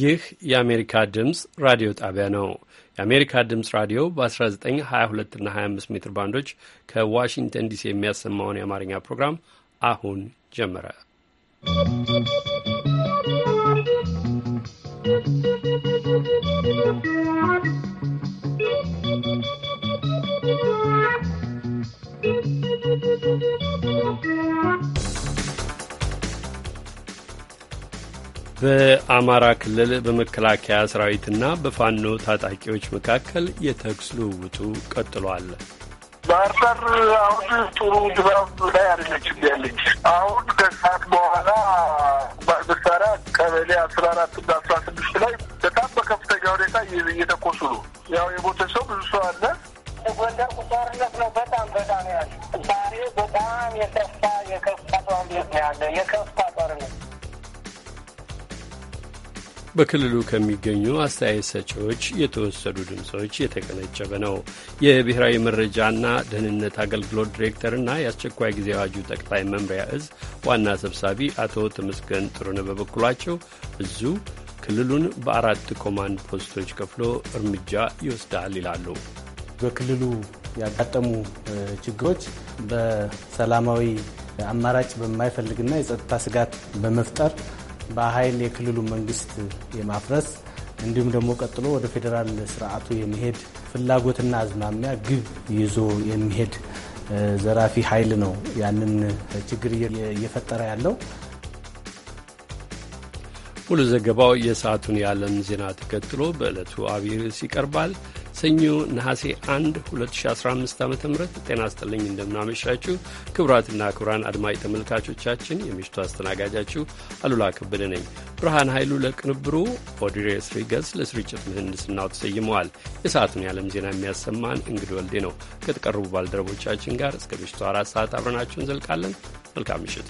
ይህ የአሜሪካ ድምፅ ራዲዮ ጣቢያ ነው። የአሜሪካ ድምፅ ራዲዮ በ1922 እና 25 ሜትር ባንዶች ከዋሽንግተን ዲሲ የሚያሰማውን የአማርኛ ፕሮግራም አሁን ጀመረ። በአማራ ክልል በመከላከያ ሰራዊትና በፋኖ ታጣቂዎች መካከል የተኩስ ልውውጡ ቀጥሏል። ባህር ዳር አሁን ጥሩ ድባብ ላይ አይደለችም ያለች። አሁን ከሰዓት በኋላ መሳሪያ ቀበሌ አስራ አራት እና አስራ ስድስት ላይ በጣም በከፍተኛ ሁኔታ እየተኮሱ ነው። ያው የሞተ ሰው ብዙ ሰው አለ። ጎንደር ቁጣርነት ነው። በጣም በጣም ያለ ዛሬ በጣም የከፋ የከፋ ጦርነት ነው ያለ የከፋ ጦርነት በክልሉ ከሚገኙ አስተያየት ሰጪዎች የተወሰዱ ድምፆች የተቀነጨበ ነው። የብሔራዊ መረጃና ደህንነት አገልግሎት ዲሬክተርና የአስቸኳይ ጊዜ አዋጁ ጠቅላይ መምሪያ እዝ ዋና ሰብሳቢ አቶ ተመስገን ጥሩነ በበኩላቸው እዙ ክልሉን በአራት ኮማንድ ፖስቶች ከፍሎ እርምጃ ይወስዳል ይላሉ። በክልሉ ያጋጠሙ ችግሮች በሰላማዊ አማራጭ በማይፈልግና የጸጥታ ስጋት በመፍጠር በኃይል የክልሉ መንግስት የማፍረስ እንዲሁም ደግሞ ቀጥሎ ወደ ፌዴራል ስርዓቱ የሚሄድ ፍላጎትና አዝማሚያ ግብ ይዞ የሚሄድ ዘራፊ ኃይል ነው ያንን ችግር እየፈጠረ ያለው። ሙሉ ዘገባው የሰዓቱን የዓለም ዜና ተከትሎ በዕለቱ አብይ ርዕስ ይቀርባል። ሰኞ ነሐሴ 1 2015 ዓ ም ጤና ስጥልኝ። እንደምናመሻችሁ ክቡራትና ክቡራን አድማጭ ተመልካቾቻችን የምሽቱ አስተናጋጃችሁ አሉላ ከበደ ነኝ። ብርሃን ኃይሉ ለቅንብሩ፣ ኦድሬስ ሪገስ ለስርጭት ምህንድስናው ተሰይመዋል። የሰዓቱን የዓለም ዜና የሚያሰማን እንግድ ወልዴ ነው። ከተቀረቡ ባልደረቦቻችን ጋር እስከ ምሽቱ አራት ሰዓት አብረናችሁ እንዘልቃለን። መልካም ምሽት።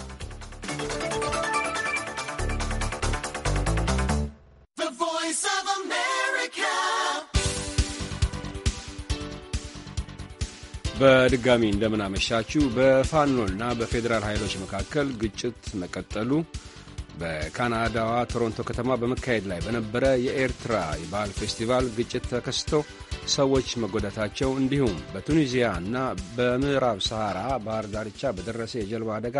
በድጋሚ እንደምናመሻችሁ። በፋኖና በፌዴራል ኃይሎች መካከል ግጭት መቀጠሉ በካናዳዋ ቶሮንቶ ከተማ በመካሄድ ላይ በነበረ የኤርትራ የባህል ፌስቲቫል ግጭት ተከስቶ ሰዎች መጎዳታቸው እንዲሁም በቱኒዚያ እና በምዕራብ ሰሃራ ባህር ዳርቻ በደረሰ የጀልባ አደጋ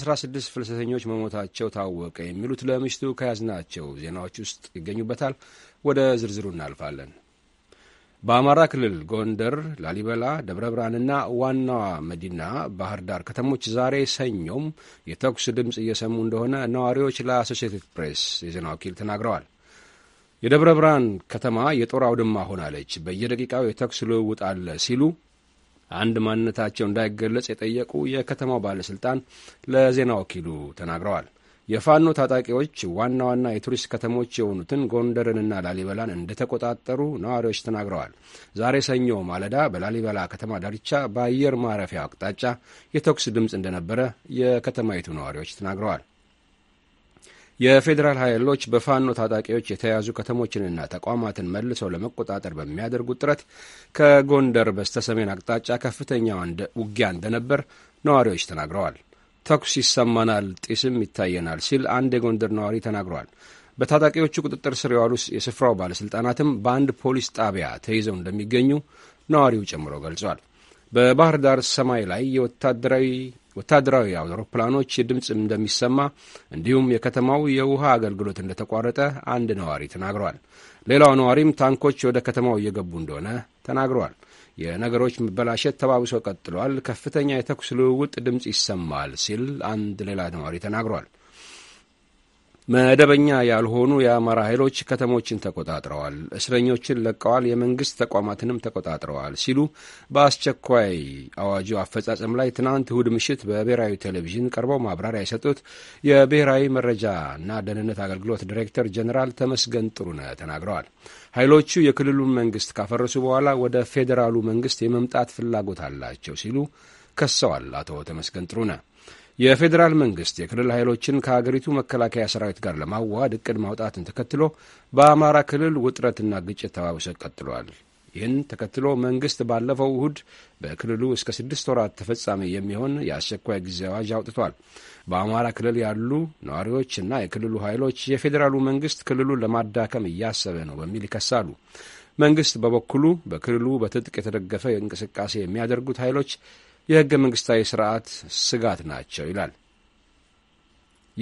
16 ፍልሰተኞች መሞታቸው ታወቀ የሚሉት ለምሽቱ ከያዝናቸው ዜናዎች ውስጥ ይገኙበታል። ወደ ዝርዝሩ እናልፋለን። በአማራ ክልል ጎንደር፣ ላሊበላ፣ ደብረ ብርሃንና ዋናዋ መዲና ባህር ዳር ከተሞች ዛሬ ሰኞም የተኩስ ድምፅ እየሰሙ እንደሆነ ነዋሪዎች ለአሶሼትድ ፕሬስ የዜና ወኪል ተናግረዋል። የደብረ ብርሃን ከተማ የጦር አውድማ ሆናለች፣ በየደቂቃው የተኩስ ልውውጥ አለ ሲሉ አንድ ማንነታቸው እንዳይገለጽ የጠየቁ የከተማው ባለሥልጣን ለዜና ወኪሉ ተናግረዋል። የፋኖ ታጣቂዎች ዋና ዋና የቱሪስት ከተሞች የሆኑትን ጎንደርንና ላሊበላን እንደተቆጣጠሩ ነዋሪዎች ተናግረዋል። ዛሬ ሰኞ ማለዳ በላሊበላ ከተማ ዳርቻ በአየር ማረፊያ አቅጣጫ የተኩስ ድምፅ እንደነበረ የከተማይቱ ነዋሪዎች ተናግረዋል። የፌዴራል ኃይሎች በፋኖ ታጣቂዎች የተያዙ ከተሞችንና ተቋማትን መልሰው ለመቆጣጠር በሚያደርጉት ጥረት ከጎንደር በስተሰሜን አቅጣጫ ከፍተኛ ውጊያ እንደነበር ነዋሪዎች ተናግረዋል። ተኩስ ይሰማናል፣ ጢስም ይታየናል ሲል አንድ የጎንደር ነዋሪ ተናግሯል። በታጣቂዎቹ ቁጥጥር ስር የዋሉ የስፍራው ባለሥልጣናትም በአንድ ፖሊስ ጣቢያ ተይዘው እንደሚገኙ ነዋሪው ጨምሮ ገልጿል። በባህር ዳር ሰማይ ላይ የወታደራዊ ወታደራዊ አውሮፕላኖች ድምፅ እንደሚሰማ እንዲሁም የከተማው የውሃ አገልግሎት እንደተቋረጠ አንድ ነዋሪ ተናግረዋል። ሌላው ነዋሪም ታንኮች ወደ ከተማው እየገቡ እንደሆነ ተናግረዋል። የነገሮች መበላሸት ተባብሶ ቀጥሏል። ከፍተኛ የተኩስ ልውውጥ ድምፅ ይሰማል ሲል አንድ ሌላ ነዋሪ ተናግሯል። መደበኛ ያልሆኑ የአማራ ኃይሎች ከተሞችን ተቆጣጥረዋል፣ እስረኞችን ለቀዋል፣ የመንግሥት ተቋማትንም ተቆጣጥረዋል ሲሉ በአስቸኳይ አዋጁ አፈጻጸም ላይ ትናንት እሁድ ምሽት በብሔራዊ ቴሌቪዥን ቀርበው ማብራሪያ የሰጡት የብሔራዊ መረጃና ደህንነት አገልግሎት ዲሬክተር ጀኔራል ተመስገን ጥሩነህ ተናግረዋል። ኃይሎቹ የክልሉን መንግሥት ካፈረሱ በኋላ ወደ ፌዴራሉ መንግሥት የመምጣት ፍላጎት አላቸው ሲሉ ከሰዋል። አቶ ተመስገን ጥሩነህ የፌዴራል መንግስት የክልል ኃይሎችን ከሀገሪቱ መከላከያ ሰራዊት ጋር ለማዋሃድ እቅድ ማውጣትን ተከትሎ በአማራ ክልል ውጥረትና ግጭት ተባብሶ ቀጥሏል። ይህን ተከትሎ መንግስት ባለፈው እሁድ በክልሉ እስከ ስድስት ወራት ተፈጻሚ የሚሆን የአስቸኳይ ጊዜ አዋጅ አውጥቷል። በአማራ ክልል ያሉ ነዋሪዎችና የክልሉ ኃይሎች የፌዴራሉ መንግስት ክልሉን ለማዳከም እያሰበ ነው በሚል ይከሳሉ። መንግስት በበኩሉ በክልሉ በትጥቅ የተደገፈ እንቅስቃሴ የሚያደርጉት ኃይሎች የህገ መንግሥታዊ ሥርዓት ስጋት ናቸው ይላል።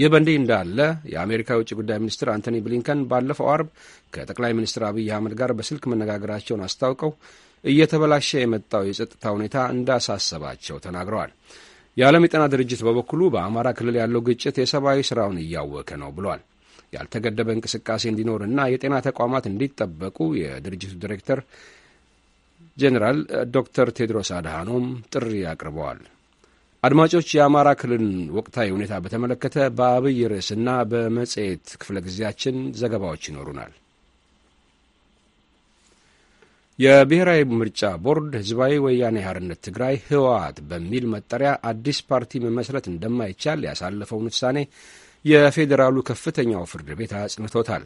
ይህ በእንዲህ እንዳለ የአሜሪካ የውጭ ጉዳይ ሚኒስትር አንቶኒ ብሊንከን ባለፈው አርብ ከጠቅላይ ሚኒስትር አብይ አህመድ ጋር በስልክ መነጋገራቸውን አስታውቀው እየተበላሸ የመጣው የጸጥታ ሁኔታ እንዳሳሰባቸው ተናግረዋል። የዓለም የጤና ድርጅት በበኩሉ በአማራ ክልል ያለው ግጭት የሰብአዊ ስራውን እያወከ ነው ብሏል። ያልተገደበ እንቅስቃሴ እንዲኖርና የጤና ተቋማት እንዲጠበቁ የድርጅቱ ዲሬክተር ጄኔራል ዶክተር ቴድሮስ አድሃኖም ጥሪ አቅርበዋል። አድማጮች፣ የአማራ ክልልን ወቅታዊ ሁኔታ በተመለከተ በአብይ ርዕስና በመጽሔት ክፍለ ጊዜያችን ዘገባዎች ይኖሩናል። የብሔራዊ ምርጫ ቦርድ ህዝባዊ ወያኔ ሓርነት ትግራይ ህወሓት በሚል መጠሪያ አዲስ ፓርቲ መመስረት እንደማይቻል ያሳለፈውን ውሳኔ የፌዴራሉ ከፍተኛው ፍርድ ቤት አጽንቶታል።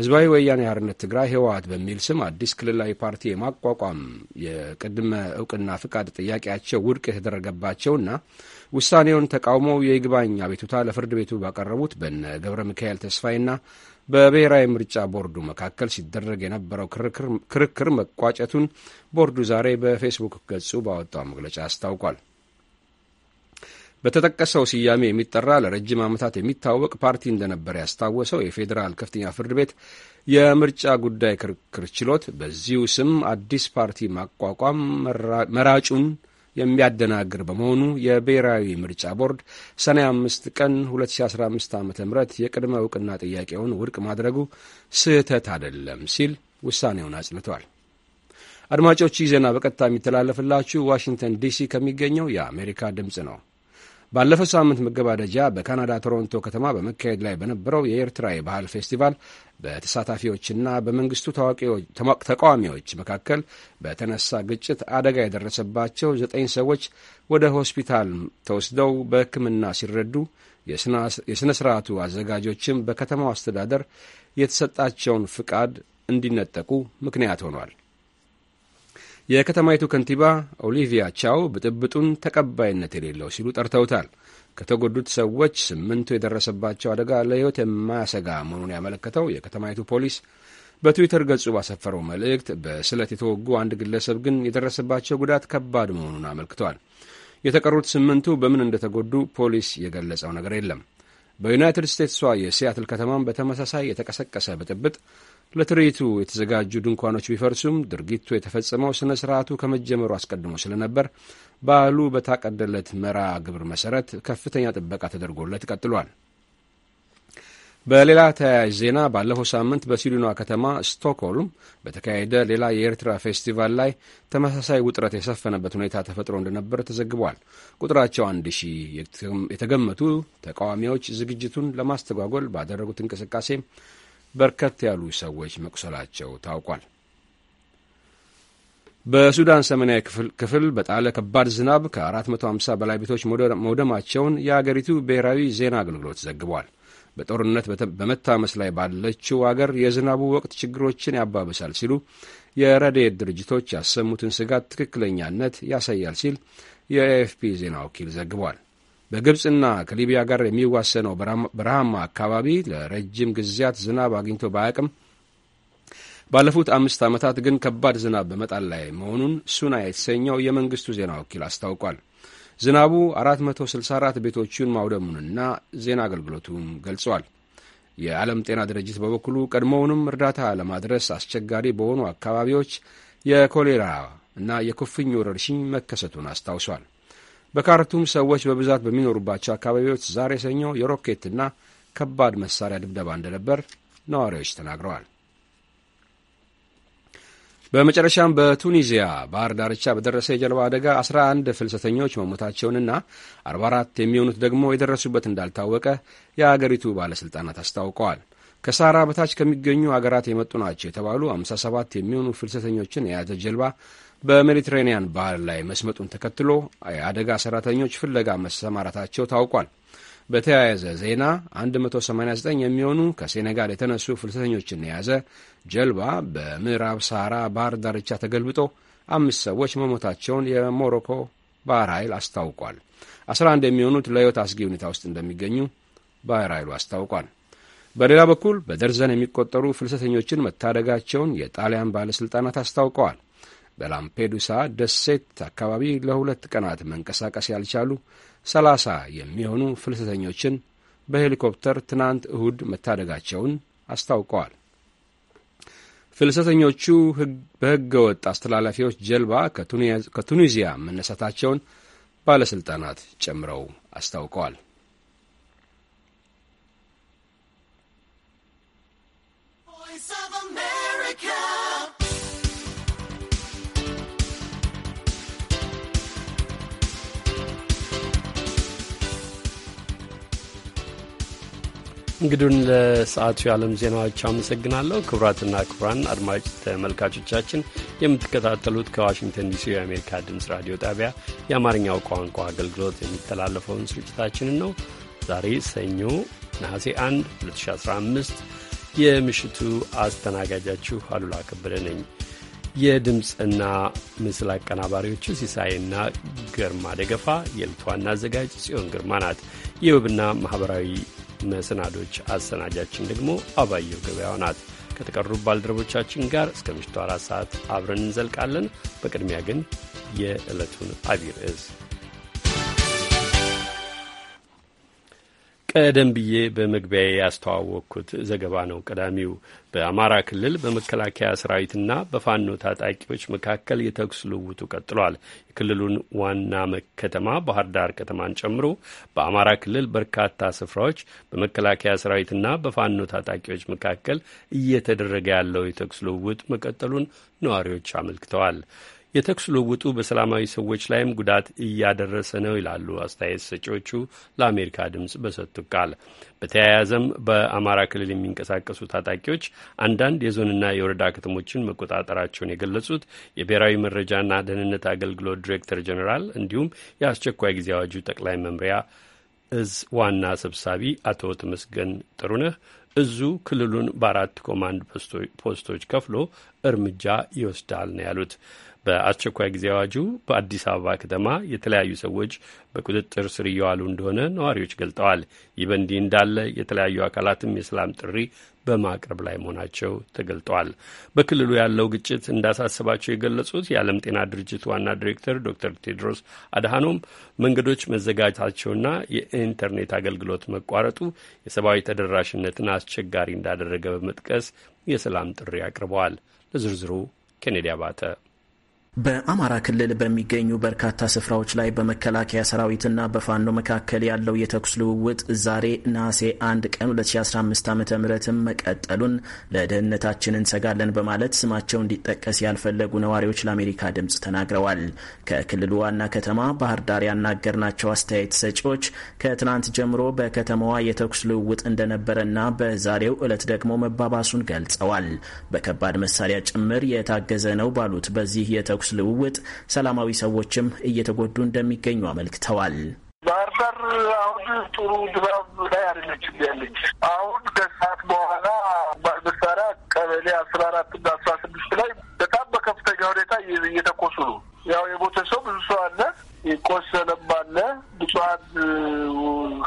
ህዝባዊ ወያኔ ሓርነት ትግራይ ህወሓት በሚል ስም አዲስ ክልላዊ ፓርቲ የማቋቋም የቅድመ እውቅና ፍቃድ ጥያቄያቸው ውድቅ የተደረገባቸውና ውሳኔውን ተቃውመው የይግባኝ አቤቱታ ለፍርድ ቤቱ ባቀረቡት በነ ገብረ ሚካኤል ተስፋይና በብሔራዊ ምርጫ ቦርዱ መካከል ሲደረግ የነበረው ክርክር መቋጨቱን ቦርዱ ዛሬ በፌስቡክ ገጹ ባወጣው መግለጫ አስታውቋል። በተጠቀሰው ስያሜ የሚጠራ ለረጅም ዓመታት የሚታወቅ ፓርቲ እንደነበር ያስታወሰው የፌዴራል ከፍተኛ ፍርድ ቤት የምርጫ ጉዳይ ክርክር ችሎት በዚሁ ስም አዲስ ፓርቲ ማቋቋም መራጩን የሚያደናግር በመሆኑ የብሔራዊ ምርጫ ቦርድ ሰኔ አምስት ቀን 2015 ዓ ም የቅድመ እውቅና ጥያቄውን ውድቅ ማድረጉ ስህተት አይደለም ሲል ውሳኔውን አጽንቷል። አድማጮች ይህ ዜና በቀጥታ የሚተላለፍላችሁ ዋሽንግተን ዲሲ ከሚገኘው የአሜሪካ ድምፅ ነው። ባለፈው ሳምንት መገባደጃ በካናዳ ቶሮንቶ ከተማ በመካሄድ ላይ በነበረው የኤርትራ የባህል ፌስቲቫል በተሳታፊዎችና በመንግስቱ ተቃዋሚዎች መካከል በተነሳ ግጭት አደጋ የደረሰባቸው ዘጠኝ ሰዎች ወደ ሆስፒታል ተወስደው በሕክምና ሲረዱ የሥነ ሥርዓቱ አዘጋጆችም በከተማው አስተዳደር የተሰጣቸውን ፍቃድ እንዲነጠቁ ምክንያት ሆኗል። የከተማይቱ ከንቲባ ኦሊቪያ ቻው ብጥብጡን ተቀባይነት የሌለው ሲሉ ጠርተውታል። ከተጎዱት ሰዎች ስምንቱ የደረሰባቸው አደጋ ለሕይወት የማያሰጋ መሆኑን ያመለከተው የከተማይቱ ፖሊስ በትዊተር ገጹ ባሰፈረው መልእክት በስለት የተወጉ አንድ ግለሰብ ግን የደረሰባቸው ጉዳት ከባድ መሆኑን አመልክተዋል። የተቀሩት ስምንቱ በምን እንደተጎዱ ፖሊስ የገለጸው ነገር የለም። በዩናይትድ ስቴትሷ የሲያትል ከተማም በተመሳሳይ የተቀሰቀሰ ብጥብጥ ለትርኢቱ የተዘጋጁ ድንኳኖች ቢፈርሱም ድርጊቱ የተፈጸመው ስነ ስርዓቱ ከመጀመሩ አስቀድሞ ስለነበር በዓሉ በታቀደለት መርሃ ግብር መሠረት ከፍተኛ ጥበቃ ተደርጎለት ቀጥሏል። በሌላ ተያያዥ ዜና ባለፈው ሳምንት በስዊድኗ ከተማ ስቶክሆልም በተካሄደ ሌላ የኤርትራ ፌስቲቫል ላይ ተመሳሳይ ውጥረት የሰፈነበት ሁኔታ ተፈጥሮ እንደነበር ተዘግቧል። ቁጥራቸው አንድ ሺህ የተገመቱ ተቃዋሚዎች ዝግጅቱን ለማስተጓጎል ባደረጉት እንቅስቃሴ በርከት ያሉ ሰዎች መቁሰላቸው ታውቋል። በሱዳን ሰሜናዊ ክፍል በጣለ ከባድ ዝናብ ከ450 በላይ ቤቶች መውደማቸውን የአገሪቱ ብሔራዊ ዜና አገልግሎት ዘግቧል። በጦርነት በመታመስ ላይ ባለችው አገር የዝናቡ ወቅት ችግሮችን ያባብሳል ሲሉ የረድኤት ድርጅቶች ያሰሙትን ስጋት ትክክለኛነት ያሳያል ሲል የኤኤፍፒ ዜና ወኪል ዘግቧል። በግብፅና ከሊቢያ ጋር የሚዋሰነው በረሃማ አካባቢ ለረጅም ጊዜያት ዝናብ አግኝቶ ባያቅም ባለፉት አምስት ዓመታት ግን ከባድ ዝናብ በመጣል ላይ መሆኑን ሱና የተሰኘው የመንግስቱ ዜና ወኪል አስታውቋል። ዝናቡ 464 ቤቶችን ማውደሙንና ዜና አገልግሎቱም ገልጿል። የዓለም ጤና ድርጅት በበኩሉ ቀድሞውንም እርዳታ ለማድረስ አስቸጋሪ በሆኑ አካባቢዎች የኮሌራ እና የኩፍኝ ወረርሽኝ መከሰቱን አስታውሷል። በካርቱም ሰዎች በብዛት በሚኖሩባቸው አካባቢዎች ዛሬ ሰኞ የሮኬትና ከባድ መሳሪያ ድብደባ እንደነበር ነዋሪዎች ተናግረዋል። በመጨረሻም በቱኒዚያ ባህር ዳርቻ በደረሰ የጀልባ አደጋ 11 ፍልሰተኞች መሞታቸውንና 44 የሚሆኑት ደግሞ የደረሱበት እንዳልታወቀ የአገሪቱ ባለሥልጣናት አስታውቀዋል። ከሳራ በታች ከሚገኙ አገራት የመጡ ናቸው የተባሉ 57 የሚሆኑ ፍልሰተኞችን የያዘ ጀልባ በሜዲትሬንያን ባህር ላይ መስመጡን ተከትሎ የአደጋ ሠራተኞች ፍለጋ መሰማራታቸው ታውቋል። በተያያዘ ዜና 189 የሚሆኑ ከሴኔጋል የተነሱ ፍልሰተኞችን የያዘ ጀልባ በምዕራብ ሳራ ባህር ዳርቻ ተገልብጦ አምስት ሰዎች መሞታቸውን የሞሮኮ ባህር ኃይል አስታውቋል። 11 የሚሆኑት ለሕይወት አስጊ ሁኔታ ውስጥ እንደሚገኙ ባህር ኃይሉ አስታውቋል። በሌላ በኩል በደርዘን የሚቆጠሩ ፍልሰተኞችን መታደጋቸውን የጣሊያን ባለሥልጣናት አስታውቀዋል። በላምፔዱሳ ደሴት አካባቢ ለሁለት ቀናት መንቀሳቀስ ያልቻሉ ሰላሳ የሚሆኑ ፍልሰተኞችን በሄሊኮፕተር ትናንት እሁድ መታደጋቸውን አስታውቀዋል። ፍልሰተኞቹ በሕገ ወጥ አስተላላፊዎች ጀልባ ከቱኒዚያ መነሳታቸውን ባለሥልጣናት ጨምረው አስታውቀዋል። እንግዱን ለሰዓቱ የዓለም ዜናዎች አመሰግናለሁ። ክቡራትና ክቡራን አድማጭ ተመልካቾቻችን የምትከታተሉት ከዋሽንግተን ዲሲ የአሜሪካ ድምፅ ራዲዮ ጣቢያ የአማርኛው ቋንቋ አገልግሎት የሚተላለፈውን ስርጭታችንን ነው። ዛሬ ሰኞ ነሐሴ 1 2015 የምሽቱ አስተናጋጃችሁ አሉላ ከበደ ነኝ። የድምፅና ምስል አቀናባሪዎቹ ሲሳይና ግርማ ደገፋ፣ የዕለቱ ዋና አዘጋጅ ጽዮን ግርማ ናት። የውብና ማኅበራዊ መሰናዶች አሰናጃችን ደግሞ አባየው ገበያው ናት። ከተቀሩ ባልደረቦቻችን ጋር እስከ ምሽቱ አራት ሰዓት አብረን እንዘልቃለን። በቅድሚያ ግን የዕለቱን አቢይ ርዕስ ቀደም ብዬ በመግቢያዬ ያስተዋወቅኩት ዘገባ ነው። ቀዳሚው በአማራ ክልል በመከላከያ ሰራዊትና በፋኖ ታጣቂዎች መካከል የተኩስ ልውውጡ ቀጥሏል። የክልሉን ዋና ከተማ ባህር ዳር ከተማን ጨምሮ በአማራ ክልል በርካታ ስፍራዎች በመከላከያ ሰራዊትና በፋኖ ታጣቂዎች መካከል እየተደረገ ያለው የተኩስ ልውውጥ መቀጠሉን ነዋሪዎች አመልክተዋል። የተኩስ ልውውጡ በሰላማዊ ሰዎች ላይም ጉዳት እያደረሰ ነው ይላሉ አስተያየት ሰጪዎቹ ለአሜሪካ ድምፅ በሰጡ ቃል። በተያያዘም በአማራ ክልል የሚንቀሳቀሱ ታጣቂዎች አንዳንድ የዞንና የወረዳ ከተሞችን መቆጣጠራቸውን የገለጹት የብሔራዊ መረጃና ደህንነት አገልግሎት ዲሬክተር ጀኔራል እንዲሁም የአስቸኳይ ጊዜ አዋጁ ጠቅላይ መምሪያ እዝ ዋና ሰብሳቢ አቶ ተመስገን ጥሩነህ እዙ ክልሉን በአራት ኮማንድ ፖስቶች ከፍሎ እርምጃ ይወስዳል ነው ያሉት። በአስቸኳይ ጊዜ አዋጁ በአዲስ አበባ ከተማ የተለያዩ ሰዎች በቁጥጥር ስር እየዋሉ እንደሆነ ነዋሪዎች ገልጠዋል። ይህ በእንዲህ እንዳለ የተለያዩ አካላትም የሰላም ጥሪ በማቅረብ ላይ መሆናቸው ተገልጠዋል። በክልሉ ያለው ግጭት እንዳሳሰባቸው የገለጹት የዓለም ጤና ድርጅት ዋና ዲሬክተር ዶክተር ቴድሮስ አድሃኖም መንገዶች መዘጋታቸውና የኢንተርኔት አገልግሎት መቋረጡ የሰብአዊ ተደራሽነትን አስቸጋሪ እንዳደረገ በመጥቀስ የሰላም ጥሪ አቅርበዋል። ለዝርዝሩ ኬኔዲ አባተ በአማራ ክልል በሚገኙ በርካታ ስፍራዎች ላይ በመከላከያ ሰራዊትና በፋኖ መካከል ያለው የተኩስ ልውውጥ ዛሬ ነሐሴ 1 ቀን 2015 ዓ ም መቀጠሉን ለደህንነታችን እንሰጋለን በማለት ስማቸው እንዲጠቀስ ያልፈለጉ ነዋሪዎች ለአሜሪካ ድምፅ ተናግረዋል። ከክልሉ ዋና ከተማ ባህር ዳር ያናገርናቸው አስተያየት ሰጪዎች ከትናንት ጀምሮ በከተማዋ የተኩስ ልውውጥ እንደነበረና በዛሬው ዕለት ደግሞ መባባሱን ገልጸዋል። በከባድ መሳሪያ ጭምር የታገዘ ነው ባሉት በዚህ የተ የተኩስ ልውውጥ ሰላማዊ ሰዎችም እየተጎዱ እንደሚገኙ አመልክተዋል። ባህር ዳር አሁን ጥሩ ድባብ ላይ አይደለችም ያለች። አሁን ከሰዓት በኋላ መሳሪያ ቀበሌ አስራ አራት እና አስራ ስድስት ላይ በጣም በከፍተኛ ሁኔታ እየተኮሱ ነው። ያው የሞተ ሰው ብዙ ሰው አለ፣ የቆሰለም አለ። ብፁዓን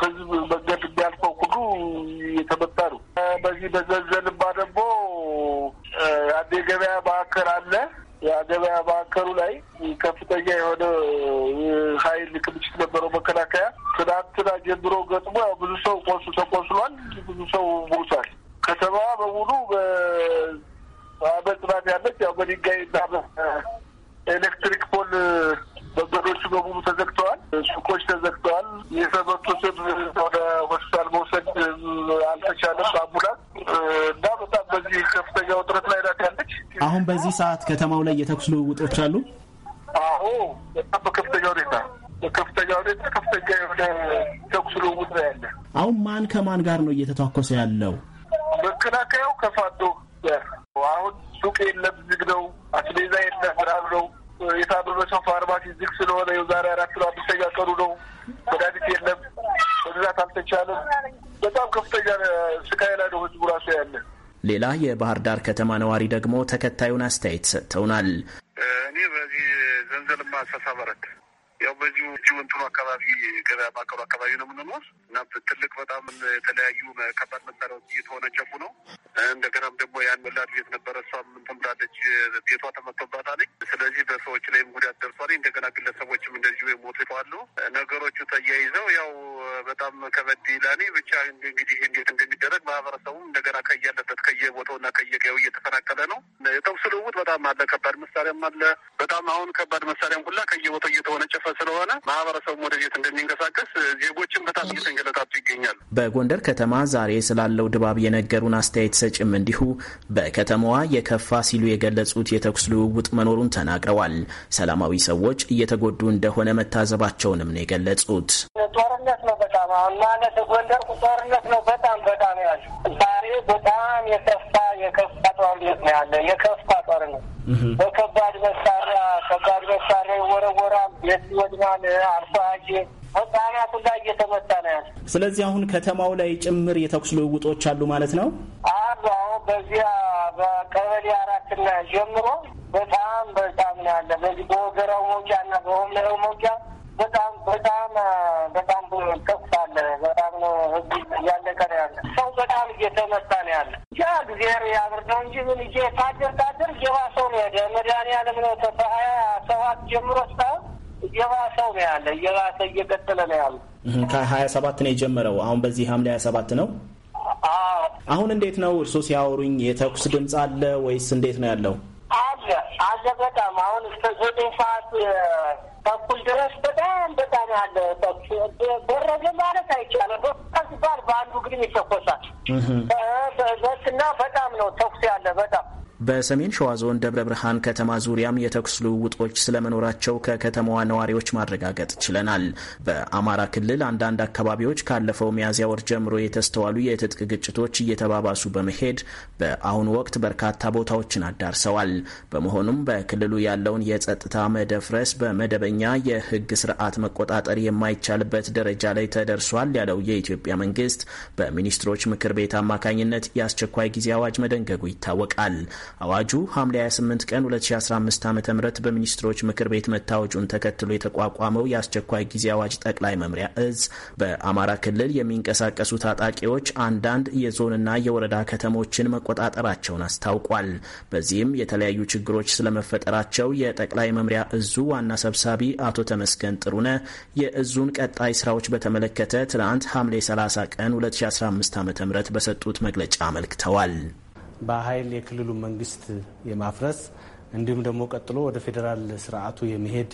ህዝብ መንገድ የሚያልፈው ሁሉ እየተመታ ነው። በዚህ በዘንዘልማ ደግሞ አንድ የገበያ ማዕከል አለ። የገበያ ማዕከሉ ላይ ከፍተኛ የሆነ ኃይል ክምችት ነበረው። መከላከያ ትናንትና ጀምሮ ገጥሞ ያው ብዙ ሰው ቆሱ ተቆስሏል። ብዙ ሰው ሞቷል። ከተማዋ በሙሉ በአመት ያለች። ያው በድንጋይና ኤሌክትሪክ ፖል መንገዶቹ በሙሉ ተዘግተዋል። ሱቆች ተዘግተዋል። የተመቱትን ወደ ሆስፒታል መውሰድ አልተቻለም። አምቡላንስ እና በጣም በዚህ ከፍተኛ ውጥረት ላይ ናት ያለች አሁን በዚህ ሰዓት ከተማው ላይ የተኩስ ልውውጦች አሉ? አዎ፣ በጣም በከፍተኛ ሁኔታ በከፍተኛ ሁኔታ ከፍተኛ የሆነ ተኩስ ልውውጥ ነው ያለ። አሁን ማን ከማን ጋር ነው እየተታኮሰ ያለው? መከላከያው ከፋዶ አሁን ሱቅ የለም፣ ዝግ ነው። አስቤዛ የለ ራብ ነው። የታመመ ሰው ፋርማሲ ዝግ ስለሆነ የዛሬ አራት ነው አምስተኛ ቀኑ ነው። መድኃኒት የለም፣ መግዛት አልተቻለም። በጣም ከፍተኛ ስቃይ ላይ ነው ህዝቡ ራሱ ያለ ሌላ የባህር ዳር ከተማ ነዋሪ ደግሞ ተከታዩን አስተያየት ሰጥተውናል። እኔ በዚህ ዘንዘልማ ሰሳ በረት ያው በዚሁ ጅውንትሮ አካባቢ ገበያ ማዕከሉ አካባቢ ነው የምንኖር እና ትልቅ በጣም የተለያዩ ከባድ መሳሪያዎች እየተወነጨፉ ነው። እንደገናም ደግሞ ያን ወላድ ቤት ነበረ፣ እሷ እንትን ቤቷ ተመቶባታለች። ስለዚህ በሰዎች ላይም ጉዳት ደርሷል። እንደገና ግለሰቦችም እንደዚሁ የሞቱ የተዋሉ ነገሮቹ ተያይዘው ያው በጣም ከበድ ይላል። ብቻ እንግዲህ እንዴት እንደሚደረግ ማህበረሰቡ እንደገና ከያለበት ከየቦታውና ከየቀው እየተፈናቀለ ነው። የተኩስ ልውውጥ በጣም አለ። ከባድ መሳሪያም አለ። በጣም አሁን ከባድ መሳሪያም ሁላ ከየቦታው እየተወነጨፈ ስለሆነ ማህበረሰቡ ወደ ቤት እንደሚንቀሳቀስ ዜጎችም በጣም እየተንገለታቱ ይገኛሉ። በጎንደር ከተማ ዛሬ ስላለው ድባብ የነገሩን አስተያየት ሰጭም እንዲሁ በከተማዋ የከፋ ሲሉ የገለጹት የተኩስ ልውውጥ መኖሩን ተናግረዋል። ሰላማዊ ሰዎች እየተጎዱ እንደሆነ መታዘባቸውንም ነው የገለጹት። ጦርነት ነው ነው። በጣም አሁን ማለት ጎንደር ጦርነት ነው። በጣም በጣም ያለ ዛሬ በጣም የከፋ የከፋ ጦርነት ነው ያለ የከፋ ጦርነት በከባድ መሳሪያ ከባድ መሳሪያ ይወረወራል፣ የት ይወድማል፣ አርሶ አደሩ ህጻናቱ ላይ እየተመታ ነው ያለ። ስለዚህ አሁን ከተማው ላይ ጭምር የተኩስ ልውውጦች አሉ ማለት ነው አሉ አሁን በዚያ በቀበሌ አራትና ጀምሮ በጣም በጣም ነው ያለ በዚህ በወገራው መውጫና በሆምነው መውጫ በጣም በጣም በጣም ከፍታለ። በጣም ነው ህግ እያለቀ ነው ያለ። ሰው በጣም እየተመታ ነው ያለ። ያ እግዚአብሔር ያብር ነው እንጂ ምን እ ታድር ታድር እየባሰው ነው ሄደ። መድኃኒዓለም ነው ከሀያ ሰባት ጀምሮ እስካሁን እየባሰው ነው ያለ። እየባሰ እየቀጠለ ነው ያለ። ከሀያ ሰባት ነው የጀመረው። አሁን በዚህ ሐምሌ ሀያ ሰባት ነው። አሁን እንዴት ነው እርሶ ሲያወሩኝ የተኩስ ድምፅ አለ ወይስ እንዴት ነው ያለው? አለ በጣም አሁን እስከ ዘጠኝ ሰዓት ተኩል ድረስ በጣም በጣም ያለ በረገ ማለት አይቻልም። በጣም ሲባል በአንዱ ግድም ይተኮሳል እና በጣም ነው ተኩስ ያለ በጣም በሰሜን ሸዋ ዞን ደብረ ብርሃን ከተማ ዙሪያም የተኩስ ልውውጦች ስለመኖራቸው ከከተማዋ ነዋሪዎች ማረጋገጥ ችለናል። በአማራ ክልል አንዳንድ አካባቢዎች ካለፈው ሚያዝያ ወር ጀምሮ የተስተዋሉ የትጥቅ ግጭቶች እየተባባሱ በመሄድ በአሁኑ ወቅት በርካታ ቦታዎችን አዳርሰዋል። በመሆኑም በክልሉ ያለውን የጸጥታ መደፍረስ በመደበኛ የህግ ስርዓት መቆጣጠር የማይቻልበት ደረጃ ላይ ተደርሷል ያለው የኢትዮጵያ መንግስት በሚኒስትሮች ምክር ቤት አማካኝነት የአስቸኳይ ጊዜ አዋጅ መደንገጉ ይታወቃል። አዋጁ ሐምሌ 28 ቀን 2015 ዓ ም በሚኒስትሮች ምክር ቤት መታወጁን ተከትሎ የተቋቋመው የአስቸኳይ ጊዜ አዋጅ ጠቅላይ መምሪያ እዝ በአማራ ክልል የሚንቀሳቀሱ ታጣቂዎች አንዳንድ የዞንና የወረዳ ከተሞችን መቆጣጠራቸውን አስታውቋል። በዚህም የተለያዩ ችግሮች ስለመፈጠራቸው የጠቅላይ መምሪያ እዙ ዋና ሰብሳቢ አቶ ተመስገን ጥሩነ የእዙን ቀጣይ ስራዎች በተመለከተ ትናንት ሐምሌ 30 ቀን 2015 ዓ ም በሰጡት መግለጫ አመልክተዋል። በኃይል የክልሉ መንግስት የማፍረስ እንዲሁም ደግሞ ቀጥሎ ወደ ፌዴራል ስርዓቱ የመሄድ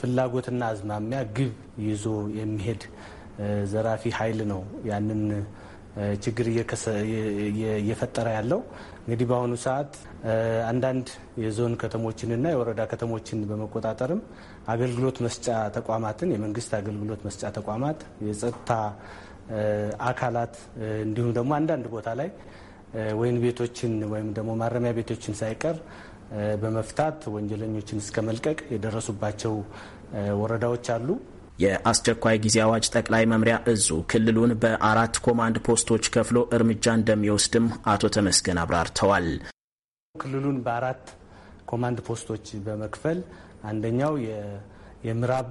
ፍላጎትና አዝማሚያ ግብ ይዞ የሚሄድ ዘራፊ ኃይል ነው ያንን ችግር እየፈጠረ ያለው። እንግዲህ በአሁኑ ሰዓት አንዳንድ የዞን ከተሞችንና የወረዳ ከተሞችን በመቆጣጠርም አገልግሎት መስጫ ተቋማትን የመንግስት አገልግሎት መስጫ ተቋማት፣ የጸጥታ አካላት እንዲሁም ደግሞ አንዳንድ ቦታ ላይ ወይን ቤቶችን ወይም ደግሞ ማረሚያ ቤቶችን ሳይቀር በመፍታት ወንጀለኞችን እስከ መልቀቅ የደረሱባቸው ወረዳዎች አሉ። የአስቸኳይ ጊዜ አዋጅ ጠቅላይ መምሪያ እዙ ክልሉን በአራት ኮማንድ ፖስቶች ከፍሎ እርምጃ እንደሚወስድም አቶ ተመስገን አብራርተዋል። ክልሉን በአራት ኮማንድ ፖስቶች በመክፈል አንደኛው የምዕራብ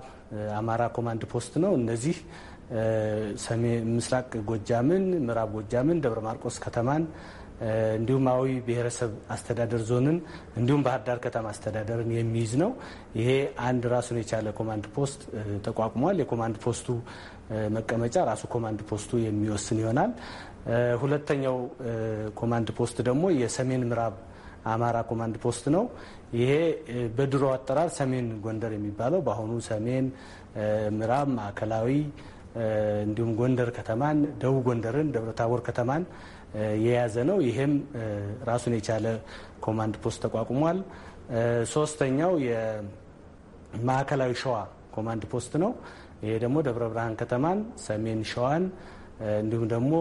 አማራ ኮማንድ ፖስት ነው። እነዚህ ምስራቅ ጎጃምን፣ ምዕራብ ጎጃምን፣ ደብረ ማርቆስ ከተማን እንዲሁም አዊ ብሔረሰብ አስተዳደር ዞንን እንዲሁም ባህር ዳር ከተማ አስተዳደርን የሚይዝ ነው። ይሄ አንድ ራሱን የቻለ ኮማንድ ፖስት ተቋቁሟል። የኮማንድ ፖስቱ መቀመጫ ራሱ ኮማንድ ፖስቱ የሚወስን ይሆናል። ሁለተኛው ኮማንድ ፖስት ደግሞ የሰሜን ምዕራብ አማራ ኮማንድ ፖስት ነው። ይሄ በድሮ አጠራር ሰሜን ጎንደር የሚባለው በአሁኑ ሰሜን ምዕራብ ማዕከላዊ እንዲሁም ጎንደር ከተማን፣ ደቡብ ጎንደርን፣ ደብረታቦር ከተማን የያዘ ነው። ይህም ራሱን የቻለ ኮማንድ ፖስት ተቋቁሟል። ሶስተኛው የማዕከላዊ ሸዋ ኮማንድ ፖስት ነው። ይሄ ደግሞ ደብረ ብርሃን ከተማን፣ ሰሜን ሸዋን እንዲሁም ደግሞ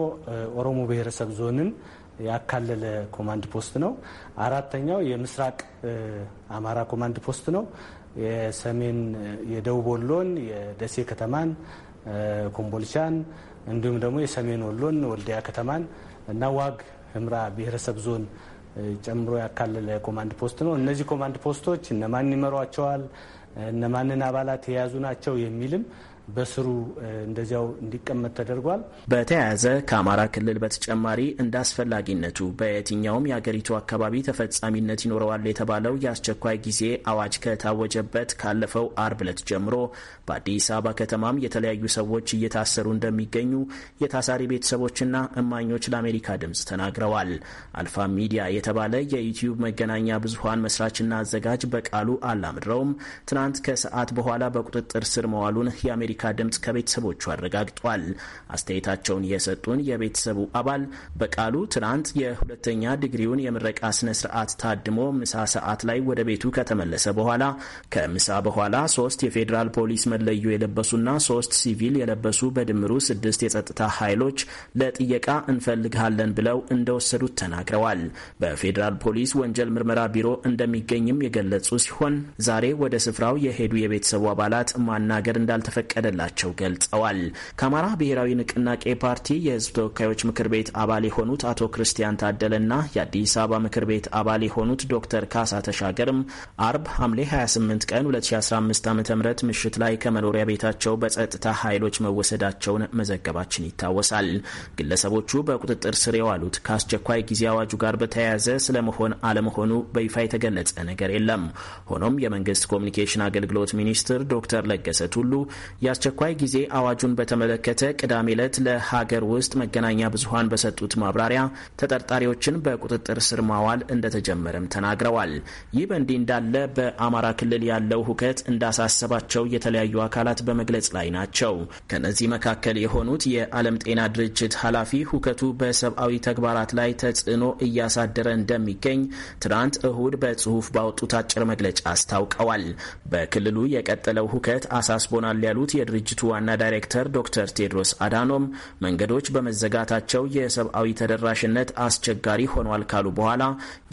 ኦሮሞ ብሔረሰብ ዞንን ያካለለ ኮማንድ ፖስት ነው። አራተኛው የምስራቅ አማራ ኮማንድ ፖስት ነው። የሰሜን የደቡብ ወሎን፣ የደሴ ከተማን ኮምቦልቻን፣ እንዲሁም ደግሞ የሰሜን ወሎን ወልዲያ ከተማን እና ዋግ ህምራ ብሔረሰብ ዞን ጨምሮ ያካለለ ኮማንድ ፖስት ነው። እነዚህ ኮማንድ ፖስቶች እነማን ይመሯቸዋል፣ እነማንን አባላት የያዙ ናቸው የሚልም በስሩ እንደዚያው እንዲቀመጥ ተደርጓል። በተያያዘ ከአማራ ክልል በተጨማሪ እንደ አስፈላጊነቱ በየትኛውም የአገሪቱ አካባቢ ተፈጻሚነት ይኖረዋል የተባለው የአስቸኳይ ጊዜ አዋጅ ከታወጀበት ካለፈው አርብ ዕለት ጀምሮ በአዲስ አበባ ከተማም የተለያዩ ሰዎች እየታሰሩ እንደሚገኙ የታሳሪ ቤተሰቦችና እማኞች ለአሜሪካ ድምፅ ተናግረዋል። አልፋ ሚዲያ የተባለ የዩትዩብ መገናኛ ብዙሀን መስራችና አዘጋጅ በቃሉ አላምድረውም ትናንት ከሰዓት በኋላ በቁጥጥር ስር መዋሉን የአሜሪካ ለአሜሪካ ድምፅ ከቤተሰቦቹ አረጋግጧል። አስተያየታቸውን የሰጡን የቤተሰቡ አባል በቃሉ ትናንት የሁለተኛ ዲግሪውን የምረቃ ስነ ስርዓት ታድሞ ምሳ ሰዓት ላይ ወደ ቤቱ ከተመለሰ በኋላ ከምሳ በኋላ ሶስት የፌዴራል ፖሊስ መለዮ የለበሱና ሶስት ሲቪል የለበሱ በድምሩ ስድስት የጸጥታ ኃይሎች ለጥየቃ እንፈልግሃለን ብለው እንደወሰዱት ተናግረዋል። በፌዴራል ፖሊስ ወንጀል ምርመራ ቢሮ እንደሚገኝም የገለጹ ሲሆን ዛሬ ወደ ስፍራው የሄዱ የቤተሰቡ አባላት ማናገር እንዳልተፈቀደ እንደፈቀደላቸው ገልጸዋል። ከአማራ ብሔራዊ ንቅናቄ ፓርቲ የህዝብ ተወካዮች ምክር ቤት አባል የሆኑት አቶ ክርስቲያን ታደለና የአዲስ አበባ ምክር ቤት አባል የሆኑት ዶክተር ካሳ ተሻገርም አርብ ሐምሌ 28 ቀን 2015 ዓ ም ምሽት ላይ ከመኖሪያ ቤታቸው በጸጥታ ኃይሎች መወሰዳቸውን መዘገባችን ይታወሳል። ግለሰቦቹ በቁጥጥር ስር የዋሉት ከአስቸኳይ ጊዜ አዋጁ ጋር በተያያዘ ስለመሆን አለመሆኑ በይፋ የተገለጸ ነገር የለም። ሆኖም የመንግስት ኮሚኒኬሽን አገልግሎት ሚኒስትር ዶክተር ለገሰ ቱሉ የአስቸኳይ ጊዜ አዋጁን በተመለከተ ቅዳሜ ዕለት ለሀገር ውስጥ መገናኛ ብዙኃን በሰጡት ማብራሪያ ተጠርጣሪዎችን በቁጥጥር ስር ማዋል እንደተጀመረም ተናግረዋል። ይህ በእንዲህ እንዳለ በአማራ ክልል ያለው ሁከት እንዳሳሰባቸው የተለያዩ አካላት በመግለጽ ላይ ናቸው። ከነዚህ መካከል የሆኑት የዓለም ጤና ድርጅት ኃላፊ ሁከቱ በሰብአዊ ተግባራት ላይ ተጽዕኖ እያሳደረ እንደሚገኝ ትናንት እሁድ በጽሁፍ ባወጡት አጭር መግለጫ አስታውቀዋል። በክልሉ የቀጠለው ሁከት አሳስቦናል ያሉት የድርጅቱ ዋና ዳይሬክተር ዶክተር ቴድሮስ አዳኖም መንገዶች በመዘጋታቸው የሰብአዊ ተደራሽነት አስቸጋሪ ሆኗል ካሉ በኋላ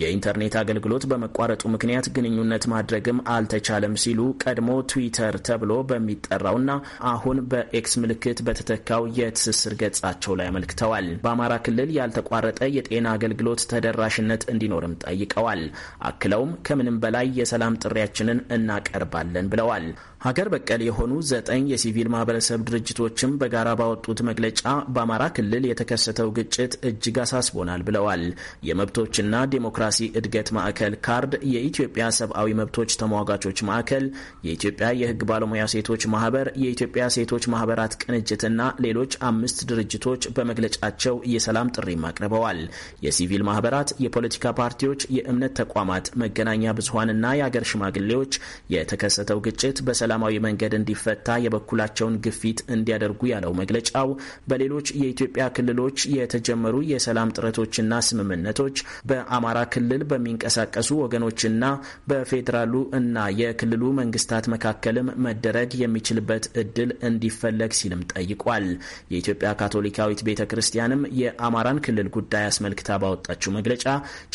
የኢንተርኔት አገልግሎት በመቋረጡ ምክንያት ግንኙነት ማድረግም አልተቻለም ሲሉ ቀድሞ ትዊተር ተብሎ በሚጠራውና አሁን በኤክስ ምልክት በተተካው የትስስር ገጻቸው ላይ አመልክተዋል። በአማራ ክልል ያልተቋረጠ የጤና አገልግሎት ተደራሽነት እንዲኖርም ጠይቀዋል። አክለውም ከምንም በላይ የሰላም ጥሪያችንን እናቀርባለን ብለዋል። ሀገር በቀል የሆኑ ዘጠኝ የሲቪል ማህበረሰብ ድርጅቶችም በጋራ ባወጡት መግለጫ በአማራ ክልል የተከሰተው ግጭት እጅግ አሳስቦናል ብለዋል። የመብቶችና ዴሞክራሲ እድገት ማዕከል ካርድ፣ የኢትዮጵያ ሰብአዊ መብቶች ተሟጋቾች ማዕከል፣ የኢትዮጵያ የህግ ባለሙያ ሴቶች ማህበር፣ የኢትዮጵያ ሴቶች ማህበራት ቅንጅትና ሌሎች አምስት ድርጅቶች በመግለጫቸው የሰላም ጥሪ አቅርበዋል። የሲቪል ማህበራት፣ የፖለቲካ ፓርቲዎች፣ የእምነት ተቋማት፣ መገናኛ ብዙሀንና የአገር ሽማግሌዎች የተከሰተው ግጭት በሰላም በሰላማዊ መንገድ እንዲፈታ የበኩላቸውን ግፊት እንዲያደርጉ ያለው መግለጫው በሌሎች የኢትዮጵያ ክልሎች የተጀመሩ የሰላም ጥረቶችና ስምምነቶች በአማራ ክልል በሚንቀሳቀሱ ወገኖችና በፌዴራሉ እና የክልሉ መንግስታት መካከልም መደረግ የሚችልበት እድል እንዲፈለግ ሲልም ጠይቋል። የኢትዮጵያ ካቶሊካዊት ቤተ ክርስቲያንም የአማራን ክልል ጉዳይ አስመልክታ ባወጣችው መግለጫ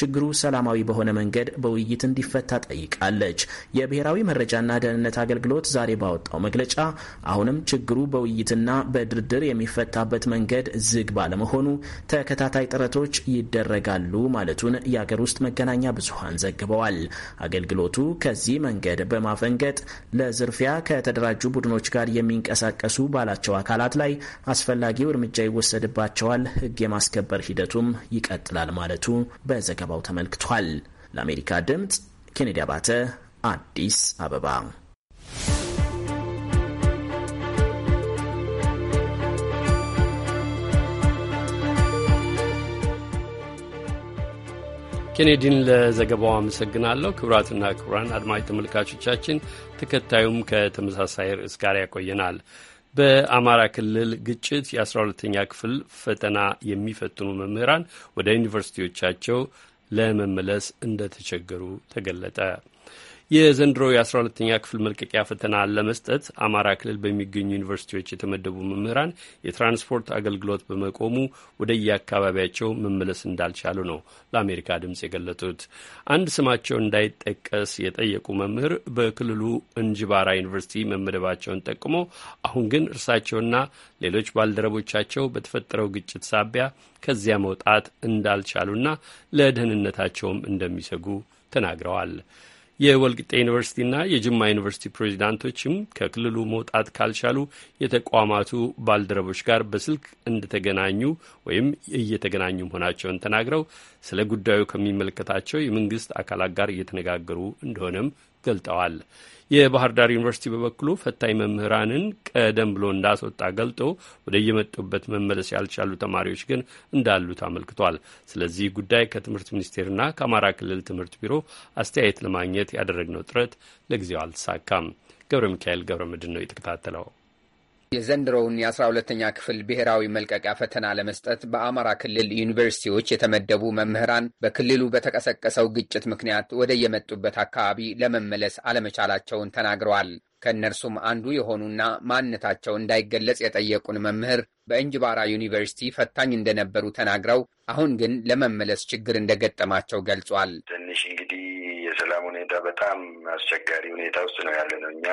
ችግሩ ሰላማዊ በሆነ መንገድ በውይይት እንዲፈታ ጠይቃለች። የብሔራዊ መረጃና ደህንነት አገልግሎት ዛሬ ባወጣው መግለጫ አሁንም ችግሩ በውይይትና በድርድር የሚፈታበት መንገድ ዝግ ባለመሆኑ ተከታታይ ጥረቶች ይደረጋሉ ማለቱን የአገር ውስጥ መገናኛ ብዙሀን ዘግበዋል። አገልግሎቱ ከዚህ መንገድ በማፈንገጥ ለዝርፊያ ከተደራጁ ቡድኖች ጋር የሚንቀሳቀሱ ባላቸው አካላት ላይ አስፈላጊው እርምጃ ይወሰድባቸዋል፣ ሕግ የማስከበር ሂደቱም ይቀጥላል ማለቱ በዘገባው ተመልክቷል። ለአሜሪካ ድምጽ ኬኔዲ አባተ አዲስ አበባ ኬኔዲን ለዘገባው አመሰግናለሁ። ክቡራትና ክቡራን አድማጭ ተመልካቾቻችን ተከታዩም ከተመሳሳይ ርዕስ ጋር ያቆየናል። በአማራ ክልል ግጭት የ12ተኛ ክፍል ፈተና የሚፈትኑ መምህራን ወደ ዩኒቨርሲቲዎቻቸው ለመመለስ እንደተቸገሩ ተገለጠ። የዘንድሮ የ12ተኛ ክፍል መልቀቂያ ፈተና ለመስጠት አማራ ክልል በሚገኙ ዩኒቨርሲቲዎች የተመደቡ መምህራን የትራንስፖርት አገልግሎት በመቆሙ ወደየአካባቢያቸው መመለስ እንዳልቻሉ ነው ለአሜሪካ ድምፅ የገለጡት። አንድ ስማቸው እንዳይጠቀስ የጠየቁ መምህር በክልሉ እንጅባራ ዩኒቨርሲቲ መመደባቸውን ጠቅሞ አሁን ግን እርሳቸውና ሌሎች ባልደረቦቻቸው በተፈጠረው ግጭት ሳቢያ ከዚያ መውጣት እንዳልቻሉና ለደህንነታቸውም እንደሚሰጉ ተናግረዋል። የወልቅጤ ዩኒቨርሲቲና የጅማ ዩኒቨርሲቲ ፕሬዚዳንቶችም ከክልሉ መውጣት ካልቻሉ የተቋማቱ ባልደረቦች ጋር በስልክ እንደተገናኙ ወይም እየተገናኙ መሆናቸውን ተናግረው ስለ ጉዳዩ ከሚመለከታቸው የመንግስት አካላት ጋር እየተነጋገሩ እንደሆነም ገልጠዋል። የባህር ዳር ዩኒቨርሲቲ በበኩሉ ፈታኝ መምህራንን ቀደም ብሎ እንዳስወጣ ገልጦ ወደ የመጡበት መመለስ ያልቻሉ ተማሪዎች ግን እንዳሉት አመልክቷል። ስለዚህ ጉዳይ ከትምህርት ሚኒስቴርና ከአማራ ክልል ትምህርት ቢሮ አስተያየት ለማግኘት ያደረግነው ጥረት ለጊዜው አልተሳካም። ገብረ ሚካኤል ገብረ ምድን ነው የተከታተለው። የዘንድሮውን 12 ተኛ ክፍል ብሔራዊ መልቀቂያ ፈተና ለመስጠት በአማራ ክልል ዩኒቨርሲቲዎች የተመደቡ መምህራን በክልሉ በተቀሰቀሰው ግጭት ምክንያት ወደ የመጡበት አካባቢ ለመመለስ አለመቻላቸውን ተናግረዋል። ከእነርሱም አንዱ የሆኑና ማንነታቸው እንዳይገለጽ የጠየቁን መምህር በእንጅባራ ዩኒቨርሲቲ ፈታኝ እንደነበሩ ተናግረው አሁን ግን ለመመለስ ችግር እንደገጠማቸው ገልጿል። ትንሽ እንግዲህ የሰላም ሁኔታ በጣም አስቸጋሪ ሁኔታ ውስጥ ነው ያለ ነው። እኛ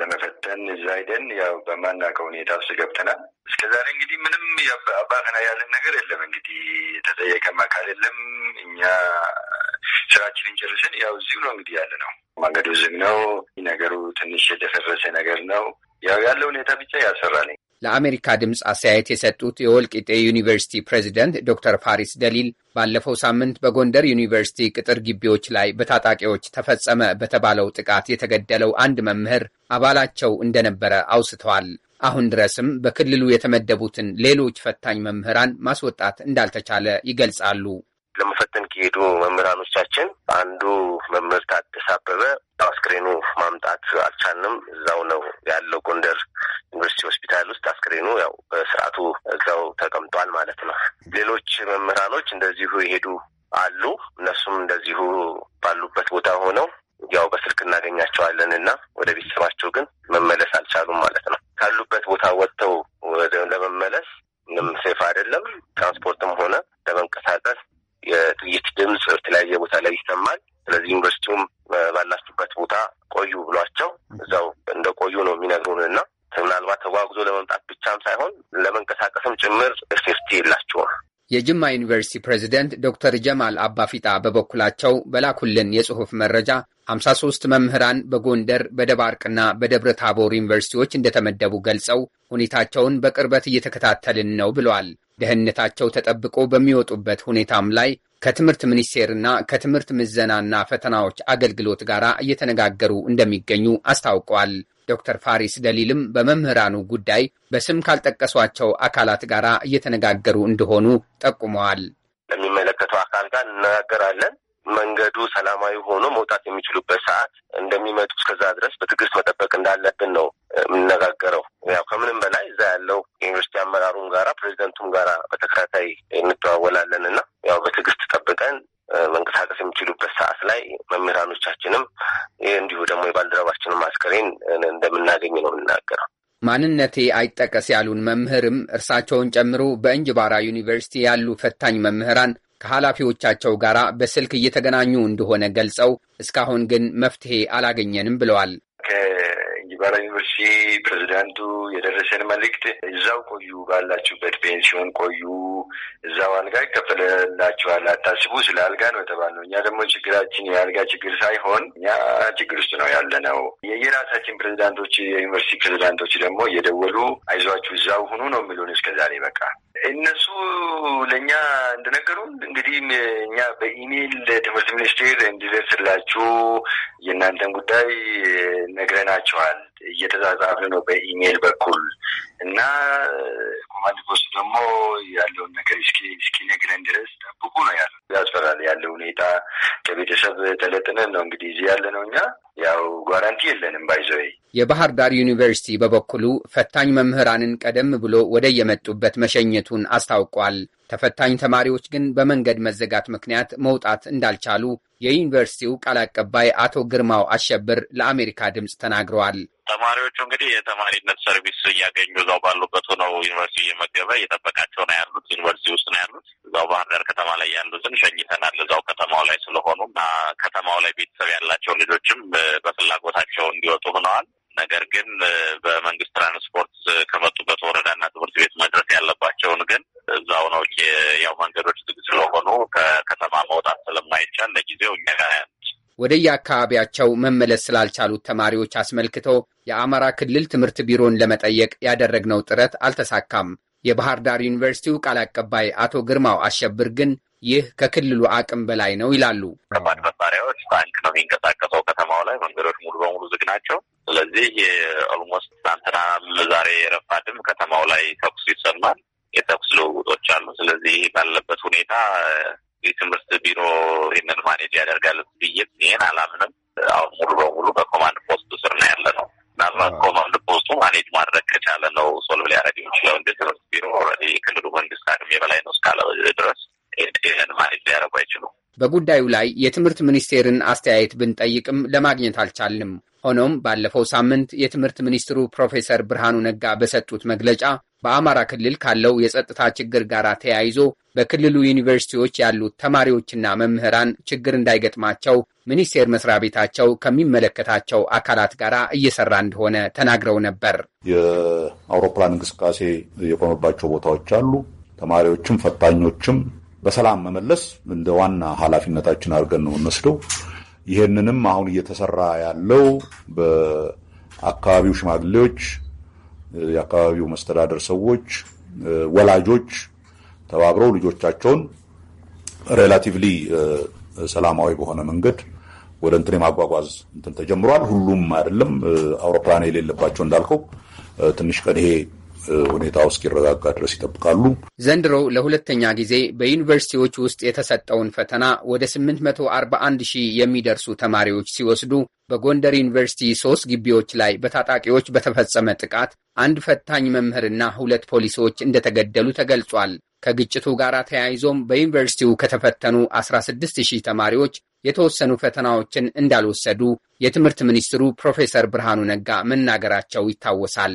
ለመፈተን እዛ ሄደን ያው በማናውቀው ሁኔታ ውስጥ ገብተናል። እስከዛሬ እንግዲህ ምንም አባፈና ያለን ነገር የለም። እንግዲህ የተጠየቀም አካል የለም። እኛ ስራችንን ጨርሰን ያው እዚሁ ነው እንግዲህ ያለ ነው። መንገዱ ዝግ ነው። ነገሩ ትንሽ የደፈረሰ ነገር ነው። ያው ያለ ሁኔታ ብቻ ያሰራል። ለአሜሪካ ድምፅ አስተያየት የሰጡት የወልቂጤ ዩኒቨርሲቲ ፕሬዚደንት ዶክተር ፋሪስ ደሊል ባለፈው ሳምንት በጎንደር ዩኒቨርሲቲ ቅጥር ግቢዎች ላይ በታጣቂዎች ተፈጸመ በተባለው ጥቃት የተገደለው አንድ መምህር አባላቸው እንደነበረ አውስተዋል። አሁን ድረስም በክልሉ የተመደቡትን ሌሎች ፈታኝ መምህራን ማስወጣት እንዳልተቻለ ይገልጻሉ። ለመፈተን ከሄዱ መምህራኖቻችን አንዱ መምህር ታደሰ አበበ አስክሬኑ ማምጣት አልቻልንም። እዛው ነው ያለው ጎንደር ዩኒቨርሲቲ ሆስፒታል ውስጥ አስክሬኑ ያው ስርዓቱ እዛው ተቀምጧል ማለት ነው። ሌሎች መምህራኖች እንደዚሁ የሄዱ አሉ። እነሱም እንደዚሁ ባሉበት ቦታ ሆነው ያው በስልክ እናገኛቸዋለን እና ወደ ቤተሰባቸው ግን መመለስ አልቻሉም ማለት ነው። ካሉበት ቦታ ወጥተው ለመመለስ ምንም ሴፍ አይደለም። ትራንስፖርትም ሆነ ለመንቀሳቀስ የጥይት ድምፅ በተለያየ ቦታ ላይ ይሰማል። ስለዚህ ዩኒቨርሲቲውም ባላችሁበት ቦታ ቆዩ ብሏቸው እዛው እንደ ቆዩ ነው የሚነግሩንና ምናልባት ተጓጉዞ ለመምጣት ብቻም ሳይሆን ለመንቀሳቀስም ጭምር ሴፍቲ የላቸውም። የጅማ ዩኒቨርሲቲ ፕሬዚደንት ዶክተር ጀማል አባፊጣ በበኩላቸው በላኩልን የጽሑፍ መረጃ 53 መምህራን በጎንደር በደባርቅና በደብረ ታቦር ዩኒቨርሲቲዎች እንደተመደቡ ገልጸው ሁኔታቸውን በቅርበት እየተከታተልን ነው ብለዋል። ደህንነታቸው ተጠብቆ በሚወጡበት ሁኔታም ላይ ከትምህርት ሚኒስቴርና ከትምህርት ምዘናና ፈተናዎች አገልግሎት ጋር እየተነጋገሩ እንደሚገኙ አስታውቀዋል። ዶክተር ፋሪስ ደሊልም በመምህራኑ ጉዳይ በስም ካልጠቀሷቸው አካላት ጋር እየተነጋገሩ እንደሆኑ ጠቁመዋል። ለሚመለከተው አካል ጋር እንነጋገራለን። መንገዱ ሰላማዊ ሆኖ መውጣት የሚችሉበት ሰዓት እንደሚመጡ እስከዛ ድረስ በትዕግስት መጠበቅ እንዳለብን ነው የምንነጋገረው። ያው ከምንም በላይ እዛ ያለው ዩኒቨርስቲ አመራሩም ጋራ ፕሬዚደንቱም ጋራ በተከታታይ እንተዋወላለን እና ያው በትዕግስት ጠብቀን መንቀሳቀስ የሚችሉበት ሰዓት ላይ መምህራኖቻችንም እንዲሁ ደግሞ የባልደረባችንም አስከሬን እንደምናገኝ ነው የምናገረው። ማንነቴ አይጠቀስ ያሉን መምህርም እርሳቸውን ጨምሮ በእንጅባራ ዩኒቨርሲቲ ያሉ ፈታኝ መምህራን ከኃላፊዎቻቸው ጋር በስልክ እየተገናኙ እንደሆነ ገልጸው እስካሁን ግን መፍትሄ አላገኘንም ብለዋል። የባራ ዩኒቨርሲቲ ፕሬዚዳንቱ የደረሰን መልእክት እዛው ቆዩ፣ ባላችሁበት ፔንሲዮን ቆዩ፣ እዛው አልጋ ይከፈለላችኋል፣ አታስቡ። ስለ አልጋ ነው የተባልነው። እኛ ደግሞ ችግራችን የአልጋ ችግር ሳይሆን እኛ ችግር ውስጥ ነው ያለ ነው። የየራሳችን ፕሬዚዳንቶች የዩኒቨርሲቲ ፕሬዚዳንቶች ደግሞ እየደወሉ አይዟችሁ፣ እዛው ሁኑ ነው የሚሉን እስከዛሬ በቃ እነሱ ለእኛ እንደነገሩን እንግዲህ እኛ በኢሜይል ትምህርት ሚኒስቴር እንዲደርስላችሁ የእናንተን ጉዳይ ነግረናቸዋል። እየተዛዛፈ ነው በኢሜይል በኩል እና ኮማንድ ፖስት ደግሞ ያለውን ነገር እስኪ ነግረን ድረስ ጠብቁ ነው ያለው። ያስፈራል ያለ ሁኔታ ከቤተሰብ ተለጥነን ነው እንግዲህ እዚህ ያለ ነው። እኛ ያው ጓራንቲ የለንም ባይዘወይ የባህር ዳር ዩኒቨርሲቲ በበኩሉ ፈታኝ መምህራንን ቀደም ብሎ ወደ የመጡበት መሸኘቱን አስታውቋል። ተፈታኝ ተማሪዎች ግን በመንገድ መዘጋት ምክንያት መውጣት እንዳልቻሉ የዩኒቨርሲቲው ቃል አቀባይ አቶ ግርማው አሸብር ለአሜሪካ ድምፅ ተናግረዋል። ተማሪዎቹ እንግዲህ የተማሪነት ሰርቪስ እያገኙ እዛው ባሉበት ሆነው ዩኒቨርሲቲ እየመገበ እየጠበቃቸው ነው ያሉት። ዩኒቨርሲቲ ውስጥ ነው ያሉት። እዛው ባህር ዳር ከተማ ላይ ያሉትን ሸኝተናል። እዛው ከተማው ላይ ስለሆኑ እና ከተማው ላይ ቤተሰብ ያላቸው ልጆችም በፍላጎታቸው እንዲወጡ ሆነዋል። ነገር ግን በመንግስት ትራንስፖርት ከመጡበት ወረዳና ትምህርት ቤት መድረስ ያለባቸውን ግን እዛው ነው። ያው መንገዶች ዝግ ስለሆኑ ከከተማ መውጣት ስለማይቻል ለጊዜው እኛ ወደ የአካባቢያቸው መመለስ ስላልቻሉት ተማሪዎች አስመልክቶ የአማራ ክልል ትምህርት ቢሮን ለመጠየቅ ያደረግነው ጥረት አልተሳካም። የባህር ዳር ዩኒቨርሲቲው ቃል አቀባይ አቶ ግርማው አሸብር ግን ይህ ከክልሉ አቅም በላይ ነው ይላሉ። ከባድ መሳሪያዎች ታንክ ነው የሚንቀሳቀሰው ከተማው ላይ መንገዶች ሙሉ በሙሉ ዝግ ናቸው። ስለዚህ ኦልሞስት ትናንትናም ዛሬ የረፋድም ከተማው ላይ ተኩስ ይሰማል። የተኩስ ልውውጦች አሉ። ስለዚህ ባለበት ሁኔታ የትምህርት ቢሮ ይህንን ማኔጅ ያደርጋል ብዬ ይህን አላምንም። አሁን ሙሉ በሙሉ በኮማንድ ፖስቱ ስር ነው ያለ ነው። ምናልባት ኮማንድ ፖስቱ ማኔጅ ማድረግ ከቻለ ነው ሶልቭ ሊያደርግ የሚችለው እንደ ትምህርት ቢሮ ረ የክልሉ መንግስት አቅም የበላይ ነው እስካለ ድረስ ይህን ማኔጅ ሊያደርጉ አይችሉም። በጉዳዩ ላይ የትምህርት ሚኒስቴርን አስተያየት ብንጠይቅም ለማግኘት አልቻልም። ሆኖም ባለፈው ሳምንት የትምህርት ሚኒስትሩ ፕሮፌሰር ብርሃኑ ነጋ በሰጡት መግለጫ በአማራ ክልል ካለው የጸጥታ ችግር ጋር ተያይዞ በክልሉ ዩኒቨርሲቲዎች ያሉት ተማሪዎችና መምህራን ችግር እንዳይገጥማቸው ሚኒስቴር መስሪያ ቤታቸው ከሚመለከታቸው አካላት ጋር እየሰራ እንደሆነ ተናግረው ነበር። የአውሮፕላን እንቅስቃሴ የቆመባቸው ቦታዎች አሉ። ተማሪዎችም ፈታኞችም በሰላም መመለስ እንደ ዋና ኃላፊነታችን አድርገን ነው እንወስደው። ይህንንም አሁን እየተሰራ ያለው በአካባቢው ሽማግሌዎች፣ የአካባቢው መስተዳደር ሰዎች፣ ወላጆች ተባብረው ልጆቻቸውን ሬላቲቭሊ ሰላማዊ በሆነ መንገድ ወደ እንትን የማጓጓዝ እንትን ተጀምሯል። ሁሉም አይደለም፣ አውሮፕላን የሌለባቸው እንዳልከው ትንሽ ቀን ይሄ ሁኔታው እስኪረጋጋ ድረስ ይጠብቃሉ። ዘንድሮ ለሁለተኛ ጊዜ በዩኒቨርሲቲዎች ውስጥ የተሰጠውን ፈተና ወደ 841 ሺህ የሚደርሱ ተማሪዎች ሲወስዱ በጎንደር ዩኒቨርሲቲ ሶስት ግቢዎች ላይ በታጣቂዎች በተፈጸመ ጥቃት አንድ ፈታኝ መምህርና ሁለት ፖሊሶች እንደተገደሉ ተገልጿል። ከግጭቱ ጋር ተያይዞም በዩኒቨርሲቲው ከተፈተኑ 16 ሺህ ተማሪዎች የተወሰኑ ፈተናዎችን እንዳልወሰዱ የትምህርት ሚኒስትሩ ፕሮፌሰር ብርሃኑ ነጋ መናገራቸው ይታወሳል።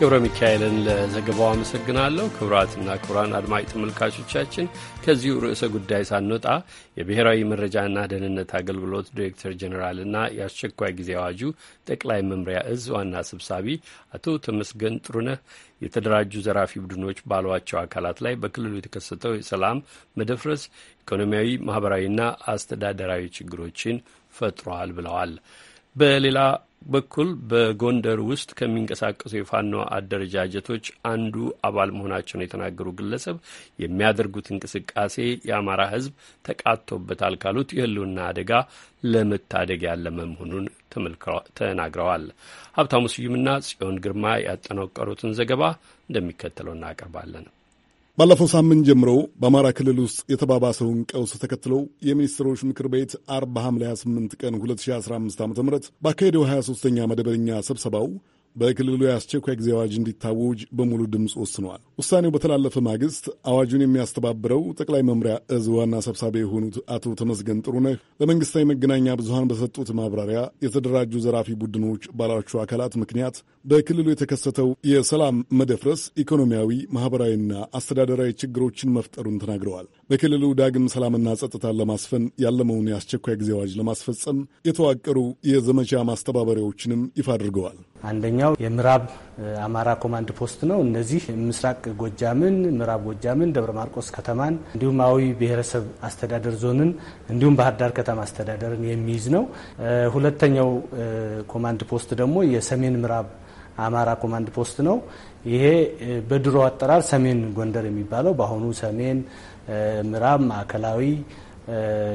ገብረ ሚካኤልን ለዘገባው አመሰግናለሁ። ክቡራትና ክቡራን አድማጭ ተመልካቾቻችን ከዚሁ ርዕሰ ጉዳይ ሳንወጣ የብሔራዊ መረጃና ደህንነት አገልግሎት ዲሬክተር ጀኔራልና የአስቸኳይ ጊዜ አዋጁ ጠቅላይ መምሪያ እዝ ዋና ሰብሳቢ አቶ ተመስገን ጥሩነህ የተደራጁ ዘራፊ ቡድኖች ባሏቸው አካላት ላይ በክልሉ የተከሰተው የሰላም መደፍረስ ኢኮኖሚያዊ፣ ማህበራዊና አስተዳደራዊ ችግሮችን ፈጥሯል ብለዋል። በሌላ በኩል በጎንደር ውስጥ ከሚንቀሳቀሱ የፋኖ አደረጃጀቶች አንዱ አባል መሆናቸውን የተናገሩ ግለሰብ የሚያደርጉት እንቅስቃሴ የአማራ ሕዝብ ተቃቶበታል ካሉት የህልውና አደጋ ለመታደግ ያለመ መሆኑን ተናግረዋል። ሀብታሙ ስዩምና ጽዮን ግርማ ያጠናቀሩትን ዘገባ እንደሚከተለው እናቀርባለን። ባለፈው ሳምንት ጀምሮ በአማራ ክልል ውስጥ የተባባሰውን ቀውስ ተከትሎ የሚኒስትሮች ምክር ቤት አርብ ሐምሌ 28 ቀን 2015 ዓ ም ባካሄደው 23ኛ መደበኛ ስብሰባው በክልሉ የአስቸኳይ ጊዜ አዋጅ እንዲታወጅ በሙሉ ድምፅ ወስነዋል። ውሳኔው በተላለፈ ማግስት አዋጁን የሚያስተባብረው ጠቅላይ መምሪያ እዝ ዋና ሰብሳቢ የሆኑት አቶ ተመስገን ጥሩነህ ለመንግሥታዊ መገናኛ ብዙሃን በሰጡት ማብራሪያ የተደራጁ ዘራፊ ቡድኖች ባሏቸው አካላት ምክንያት በክልሉ የተከሰተው የሰላም መደፍረስ ኢኮኖሚያዊ፣ ማኅበራዊና አስተዳደራዊ ችግሮችን መፍጠሩን ተናግረዋል። በክልሉ ዳግም ሰላምና ጸጥታን ለማስፈን ያለመውን የአስቸኳይ ጊዜ አዋጅ ለማስፈጸም የተዋቀሩ የዘመቻ ማስተባበሪያዎችንም ይፋ አድርገዋል። አንደኛው የምዕራብ አማራ ኮማንድ ፖስት ነው። እነዚህ ምስራቅ ጎጃምን፣ ምዕራብ ጎጃምን፣ ደብረ ማርቆስ ከተማን እንዲሁም አዊ ብሔረሰብ አስተዳደር ዞንን እንዲሁም ባህር ዳር ከተማ አስተዳደርን የሚይዝ ነው። ሁለተኛው ኮማንድ ፖስት ደግሞ የሰሜን ምዕራብ አማራ ኮማንድ ፖስት ነው። ይሄ በድሮ አጠራር ሰሜን ጎንደር የሚባለው በአሁኑ ሰሜን ምዕራብ፣ ማዕከላዊ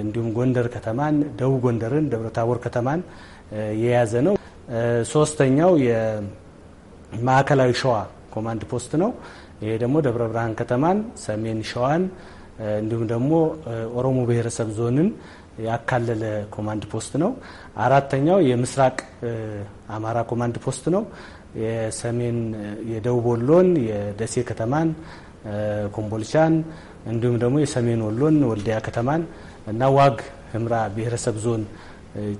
እንዲሁም ጎንደር ከተማን፣ ደቡብ ጎንደርን፣ ደብረታቦር ከተማን የያዘ ነው። ሶስተኛው የማዕከላዊ ሸዋ ኮማንድ ፖስት ነው። ይሄ ደግሞ ደብረ ብርሃን ከተማን፣ ሰሜን ሸዋን እንዲሁም ደግሞ ኦሮሞ ብሔረሰብ ዞንን ያካለለ ኮማንድ ፖስት ነው። አራተኛው የምስራቅ አማራ ኮማንድ ፖስት ነው። የሰሜን የደቡብ ወሎን የደሴ ከተማን ኮምቦልቻን እንዲሁም ደግሞ የሰሜን ወሎን ወልዲያ ከተማን እና ዋግ ህምራ ብሔረሰብ ዞን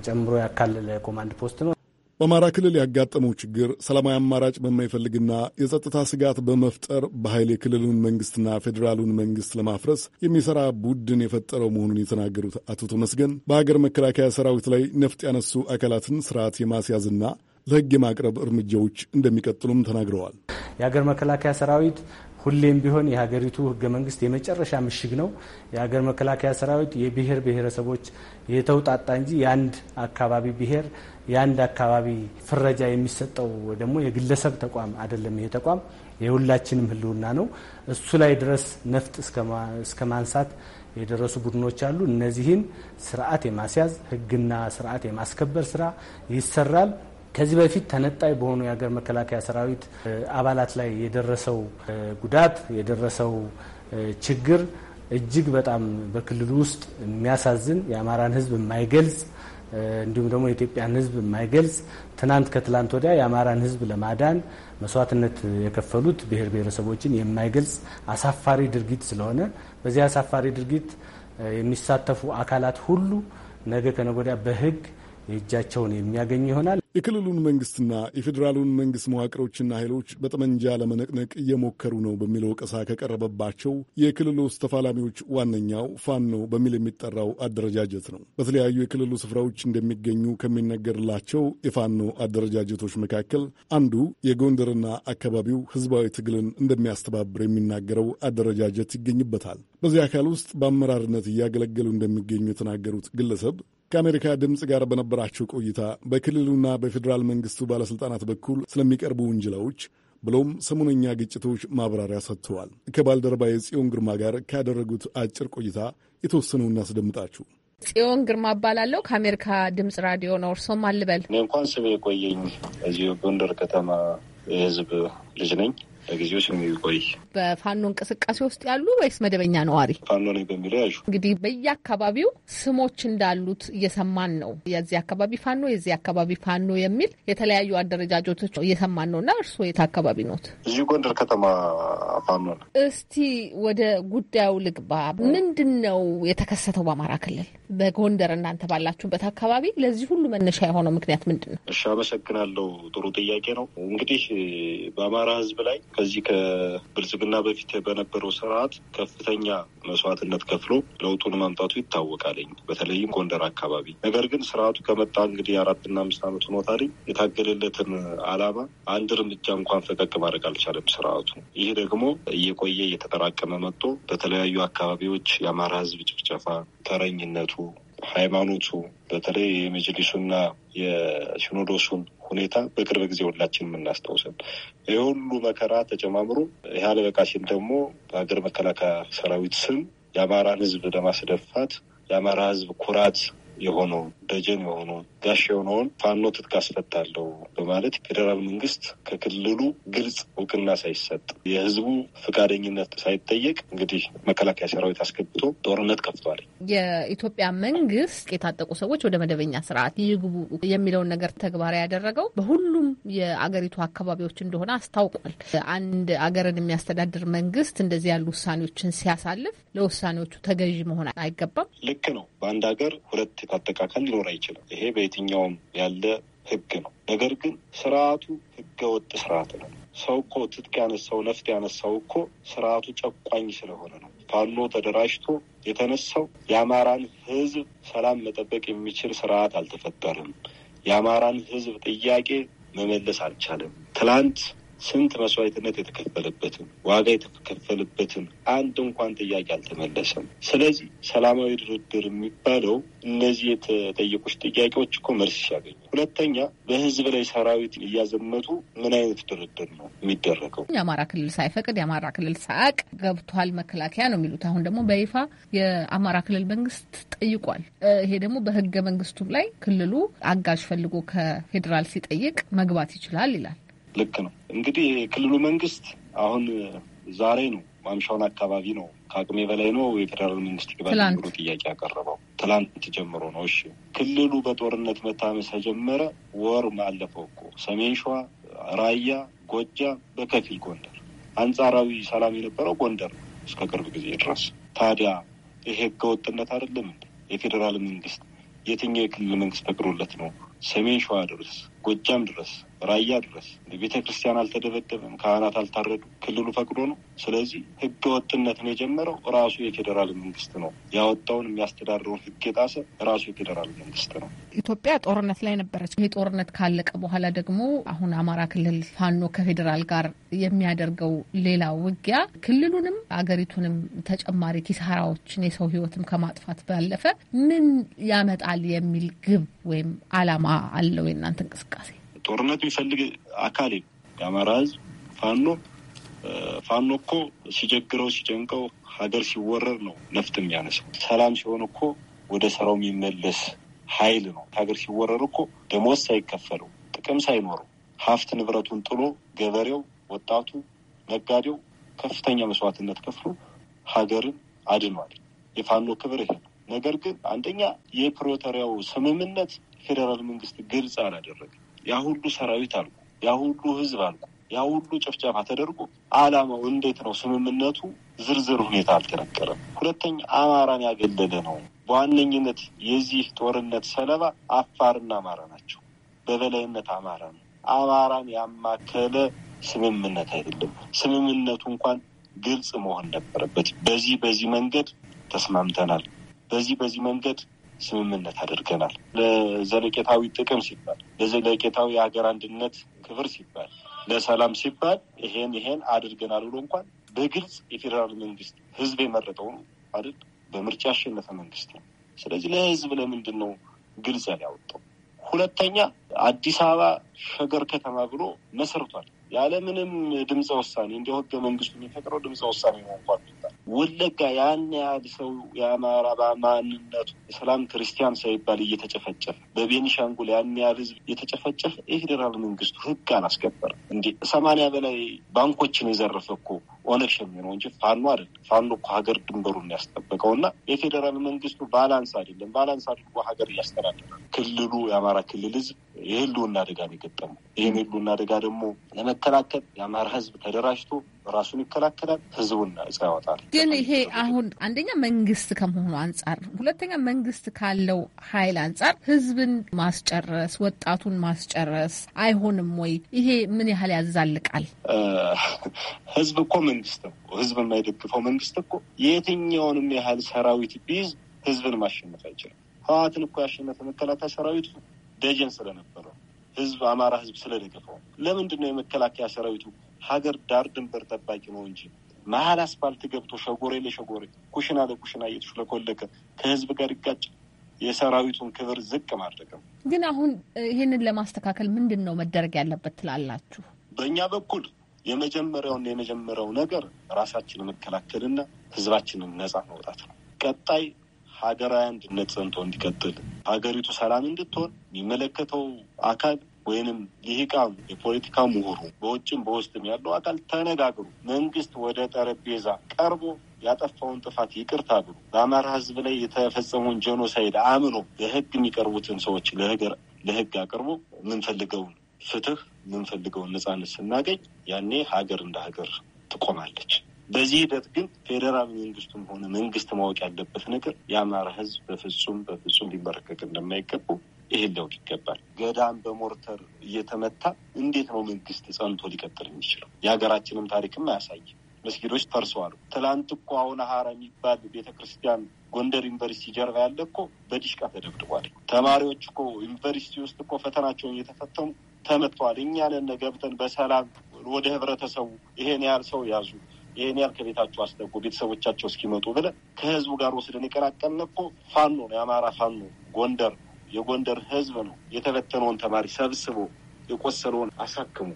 ጨምሮ ያካለለ ኮማንድ ፖስት ነው። በአማራ ክልል ያጋጠመው ችግር ሰላማዊ አማራጭ በማይፈልግና የጸጥታ ስጋት በመፍጠር በኃይል የክልሉን መንግስትና ፌዴራሉን መንግስት ለማፍረስ የሚሰራ ቡድን የፈጠረው መሆኑን የተናገሩት አቶ ተመስገን በሀገር መከላከያ ሰራዊት ላይ ነፍጥ ያነሱ አካላትን ስርዓት የማስያዝና ለህግ የማቅረብ እርምጃዎች እንደሚቀጥሉም ተናግረዋል። የሀገር መከላከያ ሰራዊት ሁሌም ቢሆን የሀገሪቱ ህገ መንግስት የመጨረሻ ምሽግ ነው። የሀገር መከላከያ ሰራዊት የብሔር ብሔረሰቦች የተውጣጣ እንጂ የአንድ አካባቢ ብሔር የአንድ አካባቢ ፍረጃ የሚሰጠው ደግሞ የግለሰብ ተቋም አይደለም። ይሄ ተቋም የሁላችንም ህልውና ነው። እሱ ላይ ድረስ ነፍጥ እስከ ማንሳት የደረሱ ቡድኖች አሉ። እነዚህን ስርዓት የማስያዝ ህግና ስርዓት የማስከበር ስራ ይሰራል። ከዚህ በፊት ተነጣይ በሆኑ የሀገር መከላከያ ሰራዊት አባላት ላይ የደረሰው ጉዳት የደረሰው ችግር እጅግ በጣም በክልሉ ውስጥ የሚያሳዝን የአማራን ሕዝብ የማይገልጽ እንዲሁም ደግሞ የኢትዮጵያን ሕዝብ የማይገልጽ ትናንት ከትላንት ወዲያ የአማራን ሕዝብ ለማዳን መስዋዕትነት የከፈሉት ብሔር ብሔረሰቦችን የማይገልጽ አሳፋሪ ድርጊት ስለሆነ በዚህ አሳፋሪ ድርጊት የሚሳተፉ አካላት ሁሉ ነገ ከነገ ወዲያ በሕግ የእጃቸውን የሚያገኙ ይሆናል። የክልሉን መንግስትና የፌዴራሉን መንግስት መዋቅሮችና ኃይሎች በጠመንጃ ለመነቅነቅ እየሞከሩ ነው በሚለው ቀሳ ከቀረበባቸው የክልሉ ውስጥ ተፋላሚዎች ዋነኛው ፋኖ በሚል የሚጠራው አደረጃጀት ነው። በተለያዩ የክልሉ ስፍራዎች እንደሚገኙ ከሚነገርላቸው የፋኖ አደረጃጀቶች መካከል አንዱ የጎንደርና አካባቢው ህዝባዊ ትግልን እንደሚያስተባብር የሚናገረው አደረጃጀት ይገኝበታል። በዚህ አካል ውስጥ በአመራርነት እያገለገሉ እንደሚገኙ የተናገሩት ግለሰብ ከአሜሪካ ድምፅ ጋር በነበራቸው ቆይታ በክልሉና በፌዴራል መንግስቱ ባለሥልጣናት በኩል ስለሚቀርቡ ውንጀላዎች ብሎም ሰሞነኛ ግጭቶች ማብራሪያ ሰጥተዋል። ከባልደረባ የጽዮን ግርማ ጋር ካደረጉት አጭር ቆይታ የተወሰኑ እናስደምጣችሁ። ጽዮን ግርማ እባላለሁ። ከአሜሪካ ድምፅ ራዲዮ ነው። እርሶም አልበል። እኔ እንኳን ስብ የቆየኝ እዚሁ ጎንደር ከተማ የህዝብ ልጅ ነኝ። ለጊዜው ስሜ ይቆይ። በፋኖ እንቅስቃሴ ውስጥ ያሉ ወይስ መደበኛ ነዋሪ? ፋኖ ነኝ በሚለው ያዥ። እንግዲህ በየአካባቢው ስሞች እንዳሉት እየሰማን ነው። የዚህ አካባቢ ፋኖ፣ የዚህ አካባቢ ፋኖ የሚል የተለያዩ አደረጃጀቶች እየሰማን ነው እና እርስዎ የት አካባቢ ኖት? እዚሁ ጎንደር ከተማ ፋኖ ነው። እስቲ ወደ ጉዳዩ ልግባ። ምንድን ነው የተከሰተው በአማራ ክልል በጎንደር እናንተ ባላችሁበት አካባቢ? ለዚህ ሁሉ መነሻ የሆነው ምክንያት ምንድን ነው? እሺ፣ አመሰግናለሁ። ጥሩ ጥያቄ ነው። እንግዲህ በአማራ ህዝብ ላይ ከዚህ ከብልጽግ ከሙስና በፊት በነበረው ስርዓት ከፍተኛ መስዋዕትነት ከፍሎ ለውጡን ማምጣቱ ይታወቃለኝ በተለይም ጎንደር አካባቢ። ነገር ግን ስርዓቱ ከመጣ እንግዲህ አራትና አምስት ዓመት ሆኖታል። የታገለለትን አላማ አንድ እርምጃ እንኳን ፈቀቅ ማድረግ አልቻለም ስርዓቱ። ይህ ደግሞ እየቆየ እየተጠራቀመ መጥቶ በተለያዩ አካባቢዎች የአማራ ህዝብ ጭፍጨፋ፣ ተረኝነቱ፣ ሃይማኖቱ በተለይ የመጅሊሱና የሲኖዶሱን ሁኔታ በቅርብ ጊዜ ሁላችን የምናስታውሰን ይህ ሁሉ መከራ ተጨማምሮ ይህ አለበቃሽን ደግሞ በሀገር መከላከያ ሰራዊት ስም የአማራን ህዝብ ለማስደፋት የአማራ ህዝብ ኩራት የሆነውን ደጀን የሆነውን ጋሽ የሆነውን ፋኖ ትጥቅ አስፈታለሁ በማለት ፌዴራል መንግስት ከክልሉ ግልጽ እውቅና ሳይሰጥ የህዝቡ ፈቃደኝነት ሳይጠየቅ እንግዲህ መከላከያ ሰራዊት አስገብቶ ጦርነት ከፍቷል። የኢትዮጵያ መንግስት የታጠቁ ሰዎች ወደ መደበኛ ስርዓት ይግቡ የሚለውን ነገር ተግባራዊ ያደረገው በሁሉም የአገሪቱ አካባቢዎች እንደሆነ አስታውቋል። አንድ አገርን የሚያስተዳድር መንግስት እንደዚህ ያሉ ውሳኔዎችን ሲያሳልፍ ለውሳኔዎቹ ተገዢ መሆን አይገባም። ልክ ነው። በአንድ ሀገር ሁለት የታጠቀ አካል ሊኖር አይችልም። ይሄ በየትኛውም ያለ ህግ ነው። ነገር ግን ስርዓቱ ህገወጥ ስርዓት ነው። ሰው እኮ ትጥቅ ያነሳው ነፍጥ ያነሳው እኮ ስርዓቱ ጨቋኝ ስለሆነ ነው። ፋኖ ተደራጅቶ የተነሳው የአማራን ህዝብ ሰላም መጠበቅ የሚችል ስርዓት አልተፈጠርም። የአማራን ህዝብ ጥያቄ መመለስ አልቻለም። ትላንት ስንት መስዋዕትነት የተከፈለበትን ዋጋ የተከፈለበትን አንድ እንኳን ጥያቄ አልተመለሰም። ስለዚህ ሰላማዊ ድርድር የሚባለው እነዚህ የተጠየቁች ጥያቄዎች እኮ መልስ ሲያገኙ፣ ሁለተኛ በህዝብ ላይ ሰራዊት እያዘመቱ ምን አይነት ድርድር ነው የሚደረገው? የአማራ ክልል ሳይፈቅድ የአማራ ክልል ሳቅ ገብቷል መከላከያ ነው የሚሉት። አሁን ደግሞ በይፋ የአማራ ክልል መንግስት ጠይቋል። ይሄ ደግሞ በህገ መንግስቱም ላይ ክልሉ አጋዥ ፈልጎ ከፌዴራል ሲጠይቅ መግባት ይችላል ይላል። ልክ ነው። እንግዲህ የክልሉ መንግስት አሁን ዛሬ ነው ማምሻውን አካባቢ ነው ከአቅሜ በላይ ነው የፌዴራል መንግስት ግባ ጥያቄ ያቀረበው ትላንት ጀምሮ ነው። እሺ ክልሉ በጦርነት መታመስ ተጀመረ፣ ወር ማለፈው እኮ ሰሜን ሸዋ፣ ራያ፣ ጎጃ በከፊል ጎንደር፣ አንጻራዊ ሰላም የነበረው ጎንደር ነው እስከ ቅርብ ጊዜ ድረስ። ታዲያ ይሄ ህገወጥነት አይደለም እንዴ? የፌዴራል መንግስት የትኛው የክልል መንግስት ፈቅዶለት ነው ሰሜን ሸዋ ድረስ ጎጃም ድረስ ራያ ድረስ ቤተ ክርስቲያን አልተደበደበም፣ ካህናት አልታረዱም። ክልሉ ፈቅዶ ነው። ስለዚህ ህገ ወጥነትን የጀመረው ራሱ የፌዴራል መንግስት ነው። ያወጣውን የሚያስተዳድረውን ህግ የጣሰ ራሱ የፌዴራል መንግስት ነው። ኢትዮጵያ ጦርነት ላይ ነበረች። ይህ ጦርነት ካለቀ በኋላ ደግሞ አሁን አማራ ክልል ፋኖ ከፌዴራል ጋር የሚያደርገው ሌላ ውጊያ ክልሉንም አገሪቱንም ተጨማሪ ኪሳራዎችን የሰው ህይወትም ከማጥፋት ባለፈ ምን ያመጣል የሚል ግብ ወይም አላማ አለው የእናንተ እንቅስቃሴ? ጦርነት የሚፈልግ አካል የአማራ ህዝብ ፋኖ ፋኖ እኮ ሲቸግረው ሲጨንቀው ሀገር ሲወረር ነው ነፍጥ የሚያነሳው። ሰላም ሲሆን እኮ ወደ ስራው የሚመለስ ሀይል ነው። ሀገር ሲወረር እኮ ደሞዝ ሳይከፈለው ጥቅም ሳይኖረው ሀብት ንብረቱን ጥሎ ገበሬው፣ ወጣቱ፣ ነጋዴው ከፍተኛ መስዋዕትነት ከፍሎ ሀገርን አድኗል። የፋኖ ክብር ይሄ ነው። ነገር ግን አንደኛ የፕሪቶሪያው ስምምነት ፌዴራል መንግስት ግልጽ አላደረገም። ያ ሁሉ ሰራዊት አልኩ፣ ያ ሁሉ ህዝብ አልኩ፣ ያ ሁሉ ጭፍጨፋ ተደርጎ አላማው እንዴት ነው? ስምምነቱ ዝርዝር ሁኔታ አልተነገረም። ሁለተኛ አማራን ያገለለ ነው። በዋነኝነት የዚህ ጦርነት ሰለባ አፋርና አማራ ናቸው። በበላይነት አማራ ነው። አማራን ያማከለ ስምምነት አይደለም። ስምምነቱ እንኳን ግልጽ መሆን ነበረበት። በዚህ በዚህ መንገድ ተስማምተናል፣ በዚህ በዚህ መንገድ ስምምነት አድርገናል። ለዘለቄታዊ ጥቅም ሲባል፣ ለዘለቄታዊ የሀገር አንድነት ክብር ሲባል፣ ለሰላም ሲባል ይሄን ይሄን አድርገናል ብሎ እንኳን በግልጽ የፌዴራል መንግስት ህዝብ የመረጠው ነው አይደል? በምርጫ ያሸነፈ መንግስት ነው። ስለዚህ ለህዝብ ለምንድን ነው ግልጽ ያለ ያወጣው? ሁለተኛ አዲስ አበባ ሸገር ከተማ ብሎ መሰርቷል ያለምንም ድምፀ ውሳኔ እንዲያው ህገ መንግስቱ የሚፈቅደው ድምፀ ውሳኔ ነው እንኳን ወለጋ ያን ያህል ሰው የአማራ በማንነቱ እስላም ክርስቲያን ሳይባል እየተጨፈጨፈ፣ በቤኒሻንጉል ያን ያህል ህዝብ እየተጨፈጨፈ የፌዴራል መንግስቱ ህግ አላስከበረም። እንዲ ሰማንያ በላይ ባንኮችን የዘረፈ እኮ ኦነግ ሸኔ ነው እንጂ ፋኖ አይደለም። ፋኖ እኮ ሀገር ድንበሩን ያስጠበቀው እና የፌዴራል መንግስቱ ባላንስ አይደለም። ባላንስ አድርጎ ሀገር እያስተዳደረ ክልሉ የአማራ ክልል ህዝብ የህልውና አደጋ ነው የገጠመው። ይህን ህልውና አደጋ ደግሞ ለመከላከል የአማራ ህዝብ ተደራጅቶ ራሱን ይከላከላል፣ ህዝቡን ነጻ ያወጣል። ግን ይሄ አሁን አንደኛ መንግስት ከመሆኑ አንጻር፣ ሁለተኛ መንግስት ካለው ኃይል አንጻር ህዝብን ማስጨረስ ወጣቱን ማስጨረስ አይሆንም ወይ? ይሄ ምን ያህል ያዛልቃል? ህዝብ እኮ መንግስት ነው። ህዝብ የማይደግፈው መንግስት እኮ የትኛውንም ያህል ሰራዊት ቢይዝ ህዝብን ማሸነፍ አይችልም። ህወሓትን እኮ ያሸነፈ መከላከያ ሰራዊቱ ደጀን ስለነበረው ህዝብ አማራ ህዝብ ስለደገፈው። ለምንድን ነው የመከላከያ ሰራዊቱ ሀገር ዳር ድንበር ጠባቂ ነው እንጂ መሀል አስፋልት ገብቶ ሸጎሬ ለሸጎሬ ኩሽና ለኩሽና እየተሽለኮለከ ከህዝብ ጋር ይጋጭ የሰራዊቱን ክብር ዝቅ ማድረግም። ግን አሁን ይህንን ለማስተካከል ምንድን ነው መደረግ ያለበት ትላላችሁ? በእኛ በኩል የመጀመሪያውና የመጀመሪያው ነገር ራሳችንን መከላከልና ህዝባችንን ነጻ መውጣት ነው። ቀጣይ ሀገራዊ አንድነት ጸንቶ እንዲቀጥል ሀገሪቱ ሰላም እንድትሆን የሚመለከተው አካል ወይንም ልሂቃኑ የፖለቲካ ምሁሩ በውጭም በውስጥም ያለው አካል ተነጋግሩ፣ መንግስት ወደ ጠረጴዛ ቀርቦ ያጠፋውን ጥፋት ይቅርታ ብሎ በአማራ ህዝብ ላይ የተፈጸመውን ጄኖሳይድ አምኖ ለህግ የሚቀርቡትን ሰዎች ለህግ አቅርቦ የምንፈልገውን ፍትህ የምንፈልገውን ነጻነት ስናገኝ ያኔ ሀገር እንደ ሀገር ትቆማለች። በዚህ ሂደት ግን ፌዴራል መንግስቱም ሆነ መንግስት ማወቅ ያለበት ነገር የአማራ ህዝብ በፍጹም በፍጹም ሊመረከቅ እንደማይገቡ ይሄን ሊሆን ይገባል። ገዳም በሞርተር እየተመታ እንዴት ነው መንግስት ጸንቶ ሊቀጥል የሚችለው? የሀገራችንም ታሪክም አያሳይም። መስጊዶች ፈርሰዋል። ትላንት እኮ አሁን ሀራ የሚባል ቤተክርስቲያን ጎንደር ዩኒቨርሲቲ ጀርባ ያለ እኮ በዲሽቃ ተደብድቧል። ተማሪዎች እኮ ዩኒቨርሲቲ ውስጥ እኮ ፈተናቸውን እየተፈተኑ ተመትተዋል። እኛ ነን ገብተን በሰላም ወደ ህብረተሰቡ ይሄን ያህል ሰው ያዙ ይሄን ያህል ከቤታቸው አስጠጉ ቤተሰቦቻቸው እስኪመጡ ብለን ከህዝቡ ጋር ወስደን የቀላቀልን እኮ ፋኖ ነው። የአማራ ፋኖ ጎንደር የጎንደር ህዝብ ነው የተበተነውን ተማሪ ሰብስቦ የቆሰለውን አሳክሙ።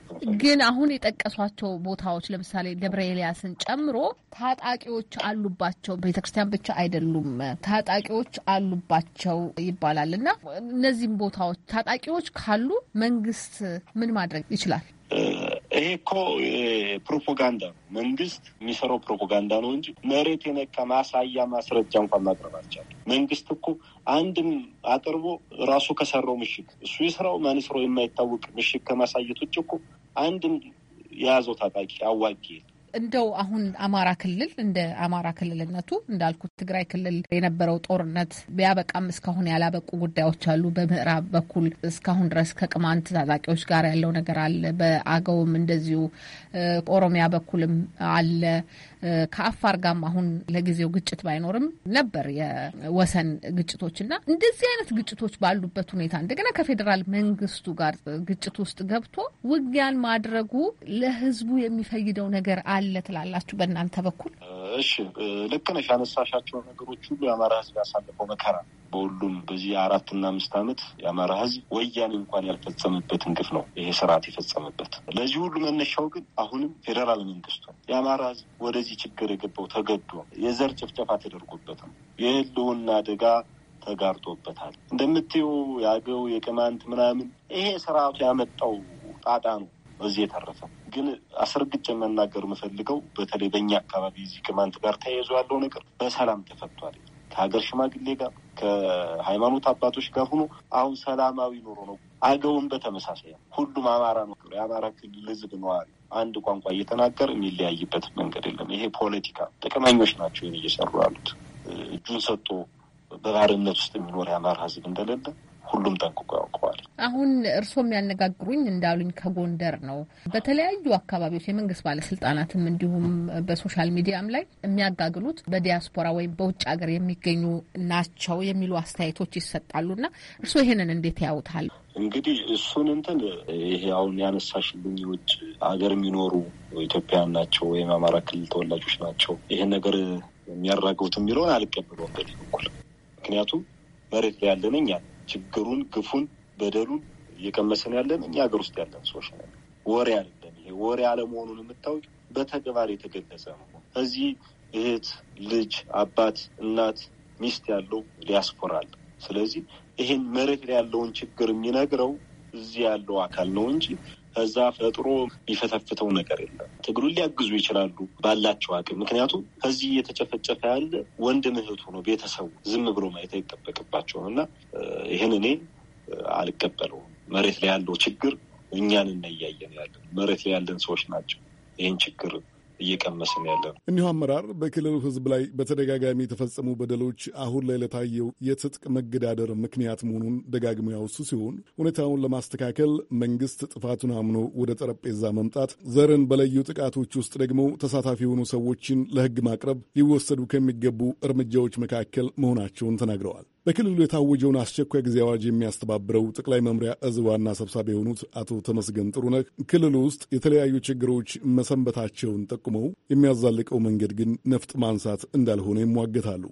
ግን አሁን የጠቀሷቸው ቦታዎች ለምሳሌ ደብረ ኤልያስን ጨምሮ ታጣቂዎች አሉባቸው፣ ቤተክርስቲያን ብቻ አይደሉም ታጣቂዎች አሉባቸው ይባላል እና እነዚህም ቦታዎች ታጣቂዎች ካሉ መንግስት ምን ማድረግ ይችላል? ይሄ እኮ ፕሮፓጋንዳ ነው። መንግስት የሚሰራው ፕሮፓጋንዳ ነው እንጂ መሬት የነካ ማሳያ ማስረጃ እንኳን ማቅረብ አልቻለ። መንግስት እኮ አንድም አቅርቦ ራሱ ከሰራው ምሽግ እሱ የስራው ማን ስራው የማይታወቅ ምሽግ ከማሳየት ውጭ እኮ አንድም የያዘው ታጣቂ አዋጊ የለም። እንደው አሁን አማራ ክልል እንደ አማራ ክልልነቱ እንዳልኩት ትግራይ ክልል የነበረው ጦርነት ቢያበቃም እስካሁን ያላበቁ ጉዳዮች አሉ። በምዕራብ በኩል እስካሁን ድረስ ከቅማንት ታጣቂዎች ጋር ያለው ነገር አለ። በአገውም እንደዚሁ ኦሮሚያ በኩልም አለ። ከአፋር ጋርም አሁን ለጊዜው ግጭት ባይኖርም ነበር የወሰን ግጭቶች እና እንደዚህ አይነት ግጭቶች ባሉበት ሁኔታ እንደገና ከፌዴራል መንግስቱ ጋር ግጭት ውስጥ ገብቶ ውጊያን ማድረጉ ለህዝቡ የሚፈይደው ነገር አለ ትላላችሁ በእናንተ በኩል? እሺ ልክ ነሽ። ያነሳሻቸው ነገሮች ሁሉ የአማራ ህዝብ ያሳለፈው መከራ በሁሉም በዚህ አራትና አምስት ዓመት የአማራ ህዝብ ወያኔ እንኳን ያልፈጸመበት ግፍ ነው ይሄ ስርዓት የፈጸመበት። ለዚህ ሁሉ መነሻው ግን አሁንም ፌዴራል መንግስቱ የአማራ ህዝብ ወደዚህ ችግር የገባው ተገዶ የዘር ጭፍጨፋ ተደርጎበት ነው። የህልውና አደጋ ተጋርጦበታል። እንደምትየው የአገው የቅማንት ምናምን ይሄ ስርዓቱ ያመጣው ጣጣ ነው እዚህ የተረፈ ግን አስረግጬ መናገር የምፈልገው በተለይ በእኛ አካባቢ እዚህ ቅማንት ጋር ተያይዞ ያለው ነገር በሰላም ተፈቷል። ከሀገር ሽማግሌ ጋር ከሃይማኖት አባቶች ጋር ሆኖ አሁን ሰላማዊ ኑሮ ነው። አገውን በተመሳሳይ ሁሉም አማራ ነው። የአማራ ክልል ህዝብ ነዋሪ አንድ ቋንቋ እየተናገር የሚለያይበት መንገድ የለም። ይሄ ፖለቲካ ጥቅመኞች ናቸው ይህን እየሰሩ ያሉት። እጁን ሰጥቶ በባርነት ውስጥ የሚኖር የአማራ ህዝብ እንደሌለ ሁሉም ጠንቅቆ ያውቀዋል። አሁን እርስዎ የሚያነጋግሩኝ እንዳሉኝ ከጎንደር ነው። በተለያዩ አካባቢዎች የመንግስት ባለስልጣናትም እንዲሁም በሶሻል ሚዲያም ላይ የሚያጋግሉት በዲያስፖራ ወይም በውጭ ሀገር የሚገኙ ናቸው የሚሉ አስተያየቶች ይሰጣሉና እርስዎ ይሄንን እንዴት ያውታል እንግዲህ እሱን እንትን ይሄ አሁን ያነሳሽልኝ ውጭ ሀገር የሚኖሩ ኢትዮጵያውያን ናቸው ወይም የአማራ ክልል ተወላጆች ናቸው ይሄን ነገር የሚያራግቡት የሚለውን አልቀበለውም በእኔ በኩል ምክንያቱም መሬት ላይ ያለነኝ ችግሩን፣ ግፉን፣ በደሉን እየቀመሰን ያለን እኛ ሀገር ውስጥ ያለን ሰዎች ነን። ወሬ አይደለም ይሄ ወሬ አለመሆኑን የምታወቅ በተግባር የተገለጸ ነው። እዚህ እህት፣ ልጅ፣ አባት፣ እናት፣ ሚስት ያለው ዲያስፖራል። ስለዚህ ይሄን መሬት ላይ ያለውን ችግር የሚነግረው እዚህ ያለው አካል ነው እንጂ ከዛ ፈጥሮ የሚፈተፍተው ነገር የለም። ትግሉን ሊያግዙ ይችላሉ ባላቸው አቅም። ምክንያቱም ከዚህ እየተጨፈጨፈ ያለ ወንድም እህቱ ነው፣ ቤተሰቡ ዝም ብሎ ማየት አይጠበቅባቸውም። እና ይህን እኔ አልቀበለውም። መሬት ላይ ያለው ችግር እኛን እያየን ያለን መሬት ላይ ያለን ሰዎች ናቸው ይህን ችግር እየቀመስን ያለ ነው። እኒሁ አመራር በክልሉ ህዝብ ላይ በተደጋጋሚ የተፈጸሙ በደሎች አሁን ላይ ለታየው የትጥቅ መገዳደር ምክንያት መሆኑን ደጋግሞ ያወሱ ሲሆን ሁኔታውን ለማስተካከል መንግስት ጥፋቱን አምኖ ወደ ጠረጴዛ መምጣት፣ ዘርን በለዩ ጥቃቶች ውስጥ ደግሞ ተሳታፊ የሆኑ ሰዎችን ለህግ ማቅረብ ሊወሰዱ ከሚገቡ እርምጃዎች መካከል መሆናቸውን ተናግረዋል። በክልሉ የታወጀውን አስቸኳይ ጊዜ አዋጅ የሚያስተባብረው ጠቅላይ መምሪያ እዝ ዋና ሰብሳቢ የሆኑት አቶ ተመስገን ጥሩነህ ክልሉ ውስጥ የተለያዩ ችግሮች መሰንበታቸውን ጠቁመው የሚያዛልቀው መንገድ ግን ነፍጥ ማንሳት እንዳልሆነ ይሟገታሉ።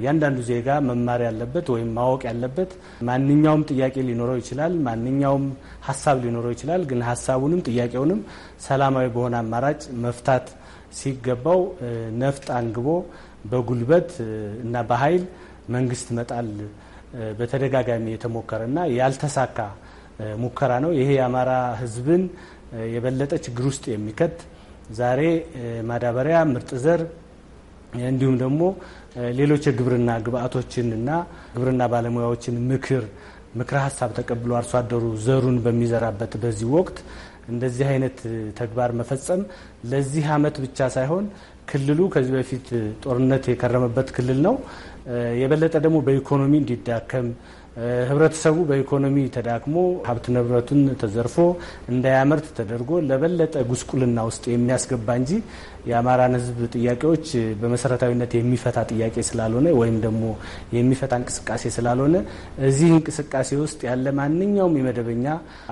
እያንዳንዱ ዜጋ መማር ያለበት ወይም ማወቅ ያለበት ማንኛውም ጥያቄ ሊኖረው ይችላል። ማንኛውም ሀሳብ ሊኖረው ይችላል። ግን ሀሳቡንም ጥያቄውንም ሰላማዊ በሆነ አማራጭ መፍታት ሲገባው ነፍጥ አንግቦ በጉልበት እና በኃይል መንግስት መጣል በተደጋጋሚ የተሞከረና ያልተሳካ ሙከራ ነው። ይሄ የአማራ ህዝብን የበለጠ ችግር ውስጥ የሚከት ዛሬ ማዳበሪያ፣ ምርጥ ዘር እንዲሁም ደግሞ ሌሎች የግብርና ግብአቶችንና ግብርና ባለሙያዎችን ምክር ምክረ ሀሳብ ተቀብሎ አርሶ አደሩ ዘሩን በሚዘራበት በዚህ ወቅት እንደዚህ አይነት ተግባር መፈጸም ለዚህ አመት ብቻ ሳይሆን ክልሉ ከዚህ በፊት ጦርነት የከረመበት ክልል ነው። የበለጠ ደግሞ በኢኮኖሚ እንዲዳከም ህብረተሰቡ በኢኮኖሚ ተዳክሞ ሀብት ንብረቱን ተዘርፎ እንዳያመርት ተደርጎ ለበለጠ ጉስቁልና ውስጥ የሚያስገባ እንጂ የአማራን ህዝብ ጥያቄዎች በመሰረታዊነት የሚፈታ ጥያቄ ስላልሆነ ወይም ደግሞ የሚፈታ እንቅስቃሴ ስላልሆነ እዚህ እንቅስቃሴ ውስጥ ያለ ማንኛውም የመደበኛ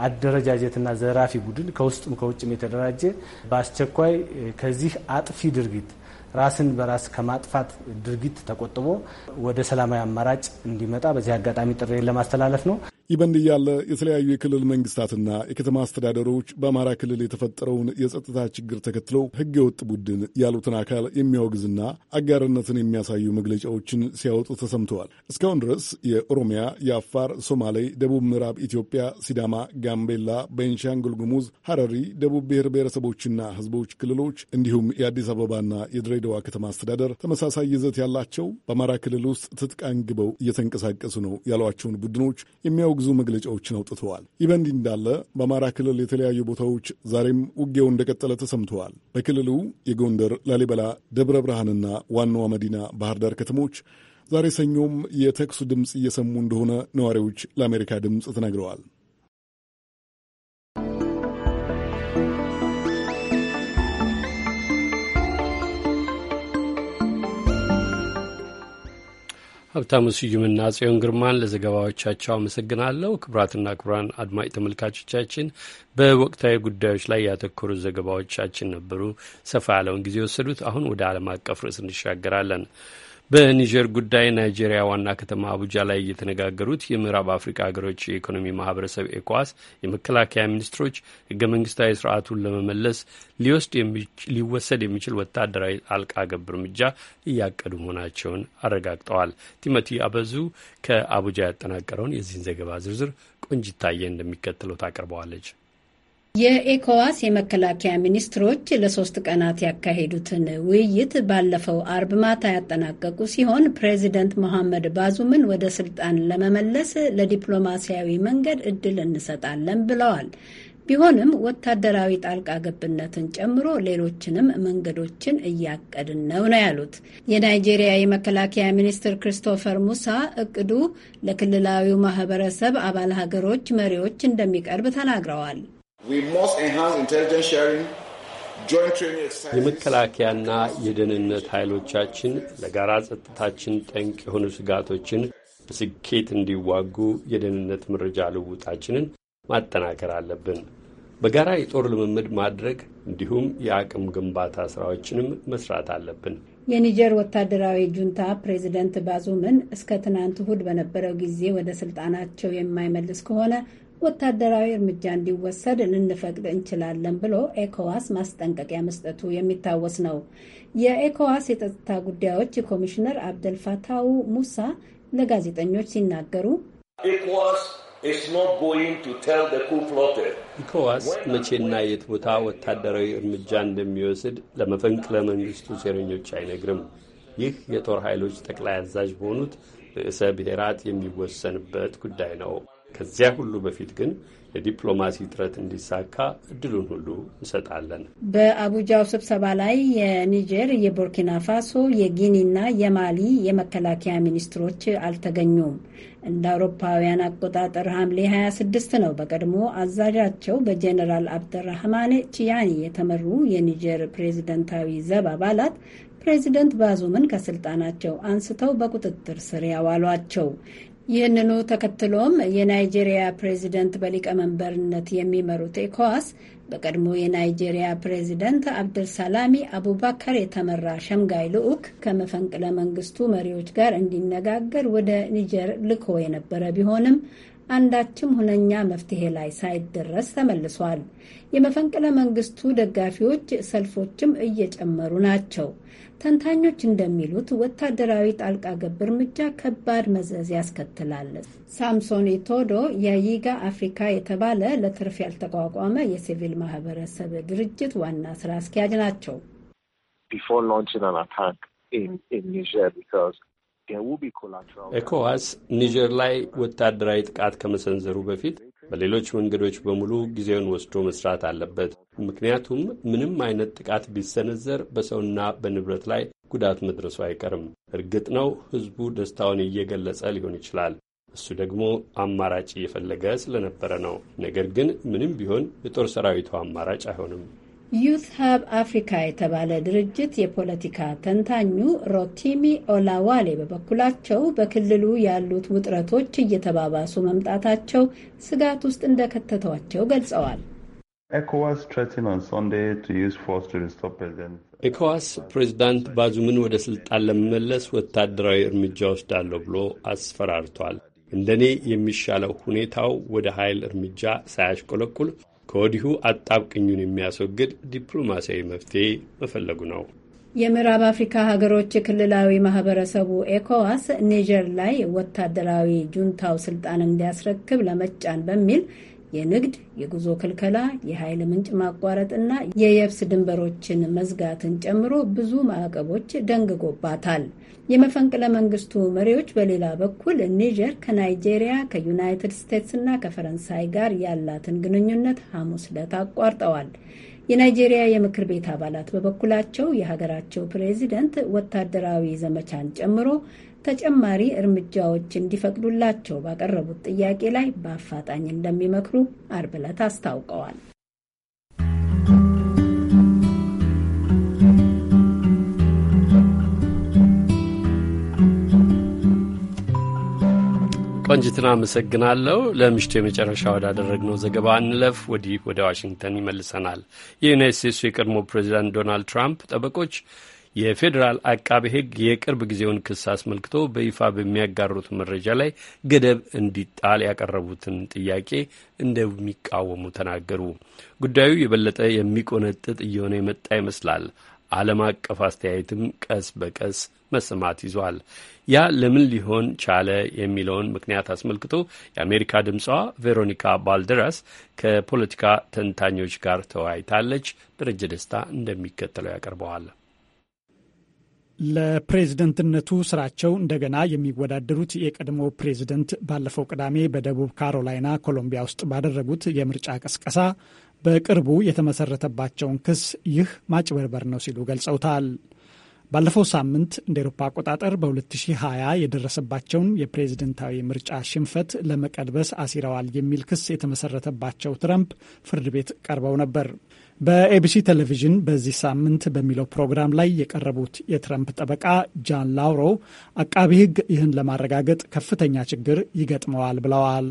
አደረጃጀትና ዘራፊ ቡድን ከውስጥም ከውጭም የተደራጀ በአስቸኳይ ከዚህ አጥፊ ድርጊት ራስን በራስ ከማጥፋት ድርጊት ተቆጥቦ ወደ ሰላማዊ አማራጭ እንዲመጣ በዚህ አጋጣሚ ጥሪ ለማስተላለፍ ነው። ይህ በእንዲህ የተለያዩ የክልል መንግስታትና የከተማ አስተዳደሮች በአማራ ክልል የተፈጠረውን የጸጥታ ችግር ተከትሎ ሕገ ወጥ ቡድን ያሉትን አካል የሚያወግዝና አጋርነትን የሚያሳዩ መግለጫዎችን ሲያወጡ ተሰምተዋል። እስካሁን ድረስ የኦሮሚያ፣ የአፋር፣ ሶማሌ፣ ደቡብ ምዕራብ ኢትዮጵያ፣ ሲዳማ፣ ጋምቤላ፣ ቤንሻንጉል ጉሙዝ፣ ሐረሪ፣ ደቡብ ብሔር ብሔረሰቦችና ሕዝቦች ክልሎች እንዲሁም የአዲስ አበባና የድሬዳዋ ከተማ አስተዳደር ተመሳሳይ ይዘት ያላቸው በአማራ ክልል ውስጥ ትጥቅ አንግበው እየተንቀሳቀሱ ነው ያሏቸውን ቡድኖች የሚያ የሚያወግዙ መግለጫዎችን አውጥተዋል። ይህ በእንዲህ እንዳለ በአማራ ክልል የተለያዩ ቦታዎች ዛሬም ውጊያው እንደቀጠለ ተሰምተዋል። በክልሉ የጎንደር፣ ላሊበላ፣ ደብረ ብርሃንና ዋናዋ መዲና ባህር ዳር ከተሞች ዛሬ ሰኞም የተኩስ ድምፅ እየሰሙ እንደሆነ ነዋሪዎች ለአሜሪካ ድምፅ ተናግረዋል። ሀብታሙ ስዩምና ጽዮን ግርማን ለዘገባዎቻቸው አመሰግናለሁ። ክቡራትና ክቡራን አድማጭ ተመልካቾቻችን በወቅታዊ ጉዳዮች ላይ ያተኮሩ ዘገባዎቻችን ነበሩ ሰፋ ያለውን ጊዜ የወሰዱት። አሁን ወደ ዓለም አቀፍ ርዕስ እንሻገራለን። በኒጀር ጉዳይ ናይጄሪያ ዋና ከተማ አቡጃ ላይ የተነጋገሩት የምዕራብ አፍሪካ ሀገሮች የኢኮኖሚ ማህበረሰብ ኤኳስ የመከላከያ ሚኒስትሮች ህገ መንግስታዊ ስርዓቱን ለመመለስ ሊወስድ ሊወሰድ የሚችል ወታደራዊ አልቃ ገብ እርምጃ እያቀዱ መሆናቸውን አረጋግጠዋል። ቲሞቲ አበዙ ከአቡጃ ያጠናቀረውን የዚህን ዘገባ ዝርዝር ቆንጅታየ እንደሚከተለው ታቀርበዋለች። የኤኮዋስ የመከላከያ ሚኒስትሮች ለሶስት ቀናት ያካሄዱትን ውይይት ባለፈው አርብ ማታ ያጠናቀቁ ሲሆን ፕሬዚደንት መሐመድ ባዙምን ወደ ስልጣን ለመመለስ ለዲፕሎማሲያዊ መንገድ እድል እንሰጣለን ብለዋል። ቢሆንም ወታደራዊ ጣልቃ ገብነትን ጨምሮ ሌሎችንም መንገዶችን እያቀድን ነው ነው ያሉት የናይጄሪያ የመከላከያ ሚኒስትር ክሪስቶፈር ሙሳ። እቅዱ ለክልላዊው ማህበረሰብ አባል ሀገሮች መሪዎች እንደሚቀርብ ተናግረዋል። የመከላከያና የደህንነት ኃይሎቻችን ለጋራ ጸጥታችን ጠንቅ የሆኑ ስጋቶችን በስኬት እንዲዋጉ የደህንነት መረጃ ልውጣችንን ማጠናከር አለብን። በጋራ የጦር ልምምድ ማድረግ እንዲሁም የአቅም ግንባታ ስራዎችንም መስራት አለብን። የኒጀር ወታደራዊ ጁንታ ፕሬዚደንት ባዙምን እስከ ትናንት እሁድ በነበረው ጊዜ ወደ ስልጣናቸው የማይመልስ ከሆነ ወታደራዊ እርምጃ እንዲወሰድ ልንፈቅድ እንችላለን ብሎ ኤኮዋስ ማስጠንቀቂያ መስጠቱ የሚታወስ ነው። የኤኮዋስ የጸጥታ ጉዳዮች ኮሚሽነር አብደልፋታው ሙሳ ለጋዜጠኞች ሲናገሩ ኢኮዋስ መቼና የት ቦታ ወታደራዊ እርምጃ እንደሚወስድ ለመፈንቅለ መንግስቱ ሴረኞች አይነግርም። ይህ የጦር ኃይሎች ጠቅላይ አዛዥ በሆኑት ርዕሰ ብሔራት የሚወሰንበት ጉዳይ ነው። ከዚያ ሁሉ በፊት ግን የዲፕሎማሲ ጥረት እንዲሳካ እድሉን ሁሉ እንሰጣለን። በአቡጃው ስብሰባ ላይ የኒጀር፣ የቡርኪና ፋሶ፣ የጊኒና የማሊ የመከላከያ ሚኒስትሮች አልተገኙም። እንደ አውሮፓውያን አቆጣጠር ሐምሌ 26 ነው በቀድሞ አዛዣቸው በጀኔራል አብደራህማን ቺያኒ የተመሩ የኒጀር ፕሬዝደንታዊ ዘብ አባላት ፕሬዚደንት ባዙምን ከስልጣናቸው አንስተው በቁጥጥር ስር ያዋሏቸው ይህንኑ ተከትሎም የናይጄሪያ ፕሬዚደንት በሊቀመንበርነት የሚመሩት ኤኮዋስ በቀድሞ የናይጄሪያ ፕሬዚደንት አብደልሳላሚ አቡባከር የተመራ ሸምጋይ ልዑክ ከመፈንቅለ መንግስቱ መሪዎች ጋር እንዲነጋገር ወደ ኒጀር ልኮ የነበረ ቢሆንም አንዳችም ሁነኛ መፍትሄ ላይ ሳይደረስ ተመልሷል። የመፈንቅለ መንግስቱ ደጋፊዎች ሰልፎችም እየጨመሩ ናቸው። ተንታኞች እንደሚሉት ወታደራዊ ጣልቃ ገብ እርምጃ ከባድ መዘዝ ያስከትላል። ሳምሶን ኢቶዶ የይጋ አፍሪካ የተባለ ለትርፍ ያልተቋቋመ የሲቪል ማህበረሰብ ድርጅት ዋና ስራ አስኪያጅ ናቸው። ኤኮዋስ ኒጀር ላይ ወታደራዊ ጥቃት ከመሰንዘሩ በፊት በሌሎች መንገዶች በሙሉ ጊዜውን ወስዶ መስራት አለበት። ምክንያቱም ምንም አይነት ጥቃት ቢሰነዘር በሰውና በንብረት ላይ ጉዳት መድረሱ አይቀርም። እርግጥ ነው ሕዝቡ ደስታውን እየገለጸ ሊሆን ይችላል። እሱ ደግሞ አማራጭ እየፈለገ ስለነበረ ነው። ነገር ግን ምንም ቢሆን የጦር ሰራዊቱ አማራጭ አይሆንም። ዩት ሀብ አፍሪካ የተባለ ድርጅት የፖለቲካ ተንታኙ ሮቲሚ ኦላዋሌ በበኩላቸው በክልሉ ያሉት ውጥረቶች እየተባባሱ መምጣታቸው ስጋት ውስጥ እንደከተቷቸው ገልጸዋል። ኤኮዋስ ፕሬዚዳንት ባዙምን ወደ ስልጣን ለመመለስ ወታደራዊ እርምጃ ወስዳለሁ ብሎ አስፈራርቷል። እንደኔ የሚሻለው ሁኔታው ወደ ኃይል እርምጃ ሳያሽቆለቁል ከወዲሁ አጣብቅኙን የሚያስወግድ ዲፕሎማሲያዊ መፍትሄ መፈለጉ ነው። የምዕራብ አፍሪካ ሀገሮች ክልላዊ ማህበረሰቡ ኤኮዋስ ኒጀር ላይ ወታደራዊ ጁንታው ስልጣን እንዲያስረክብ ለመጫን በሚል የንግድ፣ የጉዞ ክልከላ፣ የኃይል ምንጭ ማቋረጥና የየብስ ድንበሮችን መዝጋትን ጨምሮ ብዙ ማዕቀቦች ደንግጎባታል። የመፈንቅለ መንግስቱ መሪዎች በሌላ በኩል ኒጀር ከናይጄሪያ ከዩናይትድ እና ከፈረንሳይ ጋር ያላትን ግንኙነት ሐሙስ ዕለት አቋርጠዋል። የናይጄሪያ የምክር ቤት አባላት በበኩላቸው የሀገራቸው ፕሬዚደንት ወታደራዊ ዘመቻን ጨምሮ ተጨማሪ እርምጃዎች እንዲፈቅዱላቸው ባቀረቡት ጥያቄ ላይ በአፋጣኝ እንደሚመክሩ አርብ ዕለት አስታውቀዋል። ቆንጅትን አመሰግናለሁ። ለምሽቱ የመጨረሻ ወዳደረግነው ዘገባ እንለፍ። ወዲህ ወደ ዋሽንግተን ይመልሰናል። የዩናይት ስቴትሱ የቀድሞ ፕሬዚዳንት ዶናልድ ትራምፕ ጠበቆች የፌዴራል አቃቤ ሕግ የቅርብ ጊዜውን ክስ አስመልክቶ በይፋ በሚያጋሩት መረጃ ላይ ገደብ እንዲጣል ያቀረቡትን ጥያቄ እንደሚቃወሙ ተናገሩ። ጉዳዩ የበለጠ የሚቆነጥጥ እየሆነ የመጣ ይመስላል። ዓለም አቀፍ አስተያየትም ቀስ በቀስ መሰማት ይዟል። ያ ለምን ሊሆን ቻለ የሚለውን ምክንያት አስመልክቶ የአሜሪካ ድምፅዋ ቬሮኒካ ባልደራስ ከፖለቲካ ተንታኞች ጋር ተወያይታለች። ደረጀ ደስታ እንደሚከተለው ያቀርበዋል። ለፕሬዝደንትነቱ ስራቸው እንደገና የሚወዳደሩት የቀድሞ ፕሬዝደንት ባለፈው ቅዳሜ በደቡብ ካሮላይና ኮሎምቢያ ውስጥ ባደረጉት የምርጫ ቀስቀሳ በቅርቡ የተመሰረተባቸውን ክስ ይህ ማጭበርበር ነው ሲሉ ገልጸውታል። ባለፈው ሳምንት እንደ ኤሮፓ አቆጣጠር በ2020 የደረሰባቸውን የፕሬዝደንታዊ ምርጫ ሽንፈት ለመቀልበስ አሲረዋል የሚል ክስ የተመሰረተባቸው ትረምፕ ፍርድ ቤት ቀርበው ነበር። በኤቢሲ ቴሌቪዥን በዚህ ሳምንት በሚለው ፕሮግራም ላይ የቀረቡት የትረምፕ ጠበቃ ጃን ላውሮ አቃቢ ሕግ ይህን ለማረጋገጥ ከፍተኛ ችግር ይገጥመዋል ብለዋል።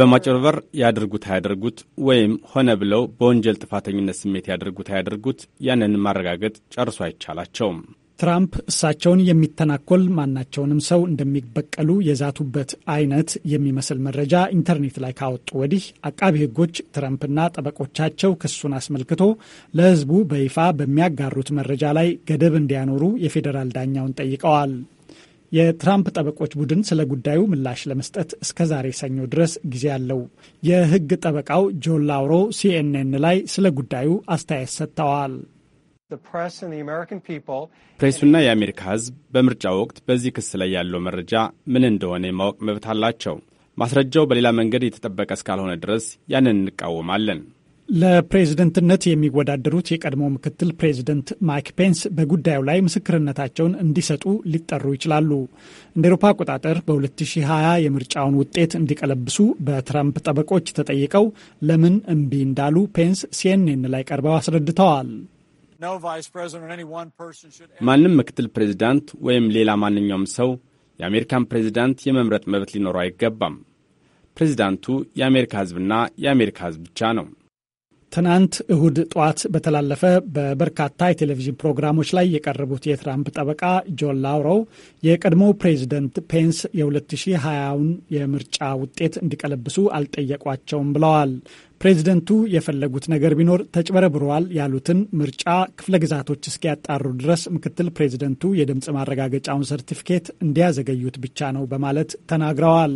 በማጭበርበር ያድርጉት አያደርጉት ወይም ሆነ ብለው በወንጀል ጥፋተኝነት ስሜት ያድርጉት አያደርጉት ያንን ማረጋገጥ ጨርሶ አይቻላቸውም። ትራምፕ እሳቸውን የሚተናኮል ማናቸውንም ሰው እንደሚበቀሉ የዛቱበት አይነት የሚመስል መረጃ ኢንተርኔት ላይ ካወጡ ወዲህ አቃቢ ሕጎች ትራምፕና ጠበቆቻቸው ክሱን አስመልክቶ ለሕዝቡ በይፋ በሚያጋሩት መረጃ ላይ ገደብ እንዲያኖሩ የፌዴራል ዳኛውን ጠይቀዋል። የትራምፕ ጠበቆች ቡድን ስለ ጉዳዩ ምላሽ ለመስጠት እስከ ዛሬ ሰኞ ድረስ ጊዜ አለው። የህግ ጠበቃው ጆን ላውሮ ሲኤንኤን ላይ ስለ ጉዳዩ አስተያየት ሰጥተዋል። ፕሬሱና የአሜሪካ ህዝብ በምርጫ ወቅት በዚህ ክስ ላይ ያለው መረጃ ምን እንደሆነ የማወቅ መብት አላቸው። ማስረጃው በሌላ መንገድ የተጠበቀ እስካልሆነ ድረስ ያንን እንቃወማለን። ለፕሬዝደንትነት የሚወዳደሩት የቀድሞ ምክትል ፕሬዝደንት ማይክ ፔንስ በጉዳዩ ላይ ምስክርነታቸውን እንዲሰጡ ሊጠሩ ይችላሉ። እንደ ኤሮፓ አቆጣጠር በ2020 የምርጫውን ውጤት እንዲቀለብሱ በትራምፕ ጠበቆች ተጠይቀው ለምን እምቢ እንዳሉ ፔንስ ሲኤንኤን ላይ ቀርበው አስረድተዋል። ማንም ምክትል ፕሬዝዳንት ወይም ሌላ ማንኛውም ሰው የአሜሪካን ፕሬዝዳንት የመምረጥ መብት ሊኖረው አይገባም። ፕሬዝዳንቱ የአሜሪካ ሕዝብና የአሜሪካ ሕዝብ ብቻ ነው። ትናንት እሁድ ጠዋት በተላለፈ በበርካታ የቴሌቪዥን ፕሮግራሞች ላይ የቀረቡት የትራምፕ ጠበቃ ጆን ላውሮው የቀድሞው ፕሬዚደንት ፔንስ የ2020ውን የምርጫ ውጤት እንዲቀለብሱ አልጠየቋቸውም ብለዋል። ፕሬዚደንቱ የፈለጉት ነገር ቢኖር ተጭበረብረዋል ያሉትን ምርጫ ክፍለ ግዛቶች እስኪያጣሩ ድረስ ምክትል ፕሬዚደንቱ የድምፅ ማረጋገጫውን ሰርቲፊኬት እንዲያዘገዩት ብቻ ነው በማለት ተናግረዋል።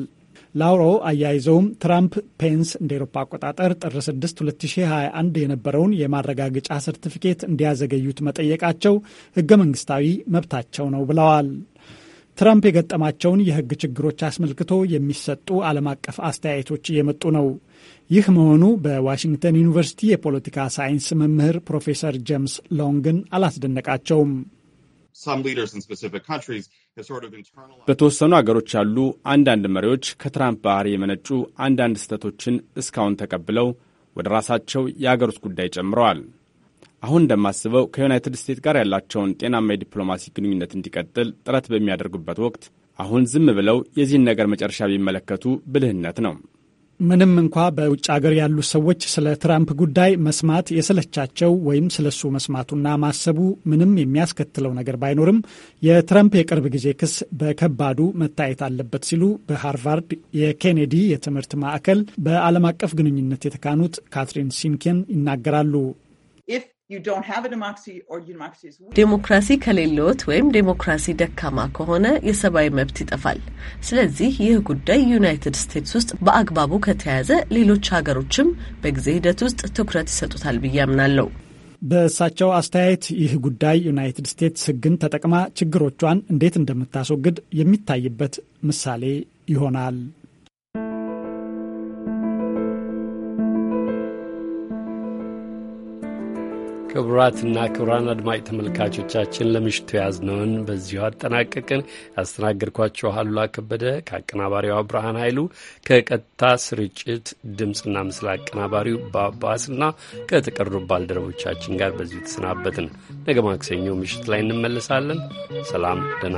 ላውሮ አያይዘውም ትራምፕ ፔንስ እንደ ኤሮፓ አቆጣጠር ጥር 6 2021 የነበረውን የማረጋገጫ ሰርቲፊኬት እንዲያዘገዩት መጠየቃቸው ህገ መንግስታዊ መብታቸው ነው ብለዋል። ትራምፕ የገጠማቸውን የህግ ችግሮች አስመልክቶ የሚሰጡ ዓለም አቀፍ አስተያየቶች እየመጡ ነው። ይህ መሆኑ በዋሽንግተን ዩኒቨርሲቲ የፖለቲካ ሳይንስ መምህር ፕሮፌሰር ጄምስ ሎንግን አላስደነቃቸውም። በተወሰኑ አገሮች ያሉ አንዳንድ መሪዎች ከትራምፕ ባህሪ የመነጩ አንዳንድ ስህተቶችን እስካሁን ተቀብለው ወደ ራሳቸው የአገር ውስጥ ጉዳይ ጨምረዋል። አሁን እንደማስበው ከዩናይትድ ስቴትስ ጋር ያላቸውን ጤናማ የዲፕሎማሲ ግንኙነት እንዲቀጥል ጥረት በሚያደርጉበት ወቅት አሁን ዝም ብለው የዚህን ነገር መጨረሻ ቢመለከቱ ብልህነት ነው። ምንም እንኳ በውጭ ሀገር ያሉ ሰዎች ስለ ትራምፕ ጉዳይ መስማት የሰለቻቸው ወይም እሱ መስማቱና ማሰቡ ምንም የሚያስከትለው ነገር ባይኖርም የትራምፕ የቅርብ ጊዜ ክስ በከባዱ መታየት አለበት ሲሉ በሃርቫርድ የኬኔዲ የትምህርት ማዕከል በዓለም አቀፍ ግንኙነት የተካኑት ካትሪን ሲንኬን ይናገራሉ። ዴሞክራሲ ከሌለዎት ወይም ዴሞክራሲ ደካማ ከሆነ የሰብአዊ መብት ይጠፋል። ስለዚህ ይህ ጉዳይ ዩናይትድ ስቴትስ ውስጥ በአግባቡ ከተያዘ ሌሎች ሀገሮችም በጊዜ ሂደት ውስጥ ትኩረት ይሰጡታል ብዬ አምናለሁ። በእሳቸው አስተያየት ይህ ጉዳይ ዩናይትድ ስቴትስ ሕግን ተጠቅማ ችግሮቿን እንዴት እንደምታስወግድ የሚታይበት ምሳሌ ይሆናል። ክቡራትና ክቡራን አድማጭ ተመልካቾቻችን ለምሽቱ ያዝነውን በዚሁ አጠናቀቅን። ያስተናገድኳቸው አሉላ ከበደ ከአቀናባሪዋ ብርሃን ኃይሉ ከቀጥታ ስርጭት ድምፅና ምስል አቀናባሪው ባባስና ከተቀሩ ባልደረቦቻችን ጋር በዚሁ ተሰናበትን። ነገ ማክሰኞ ምሽት ላይ እንመለሳለን። ሰላም፣ ደህና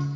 you.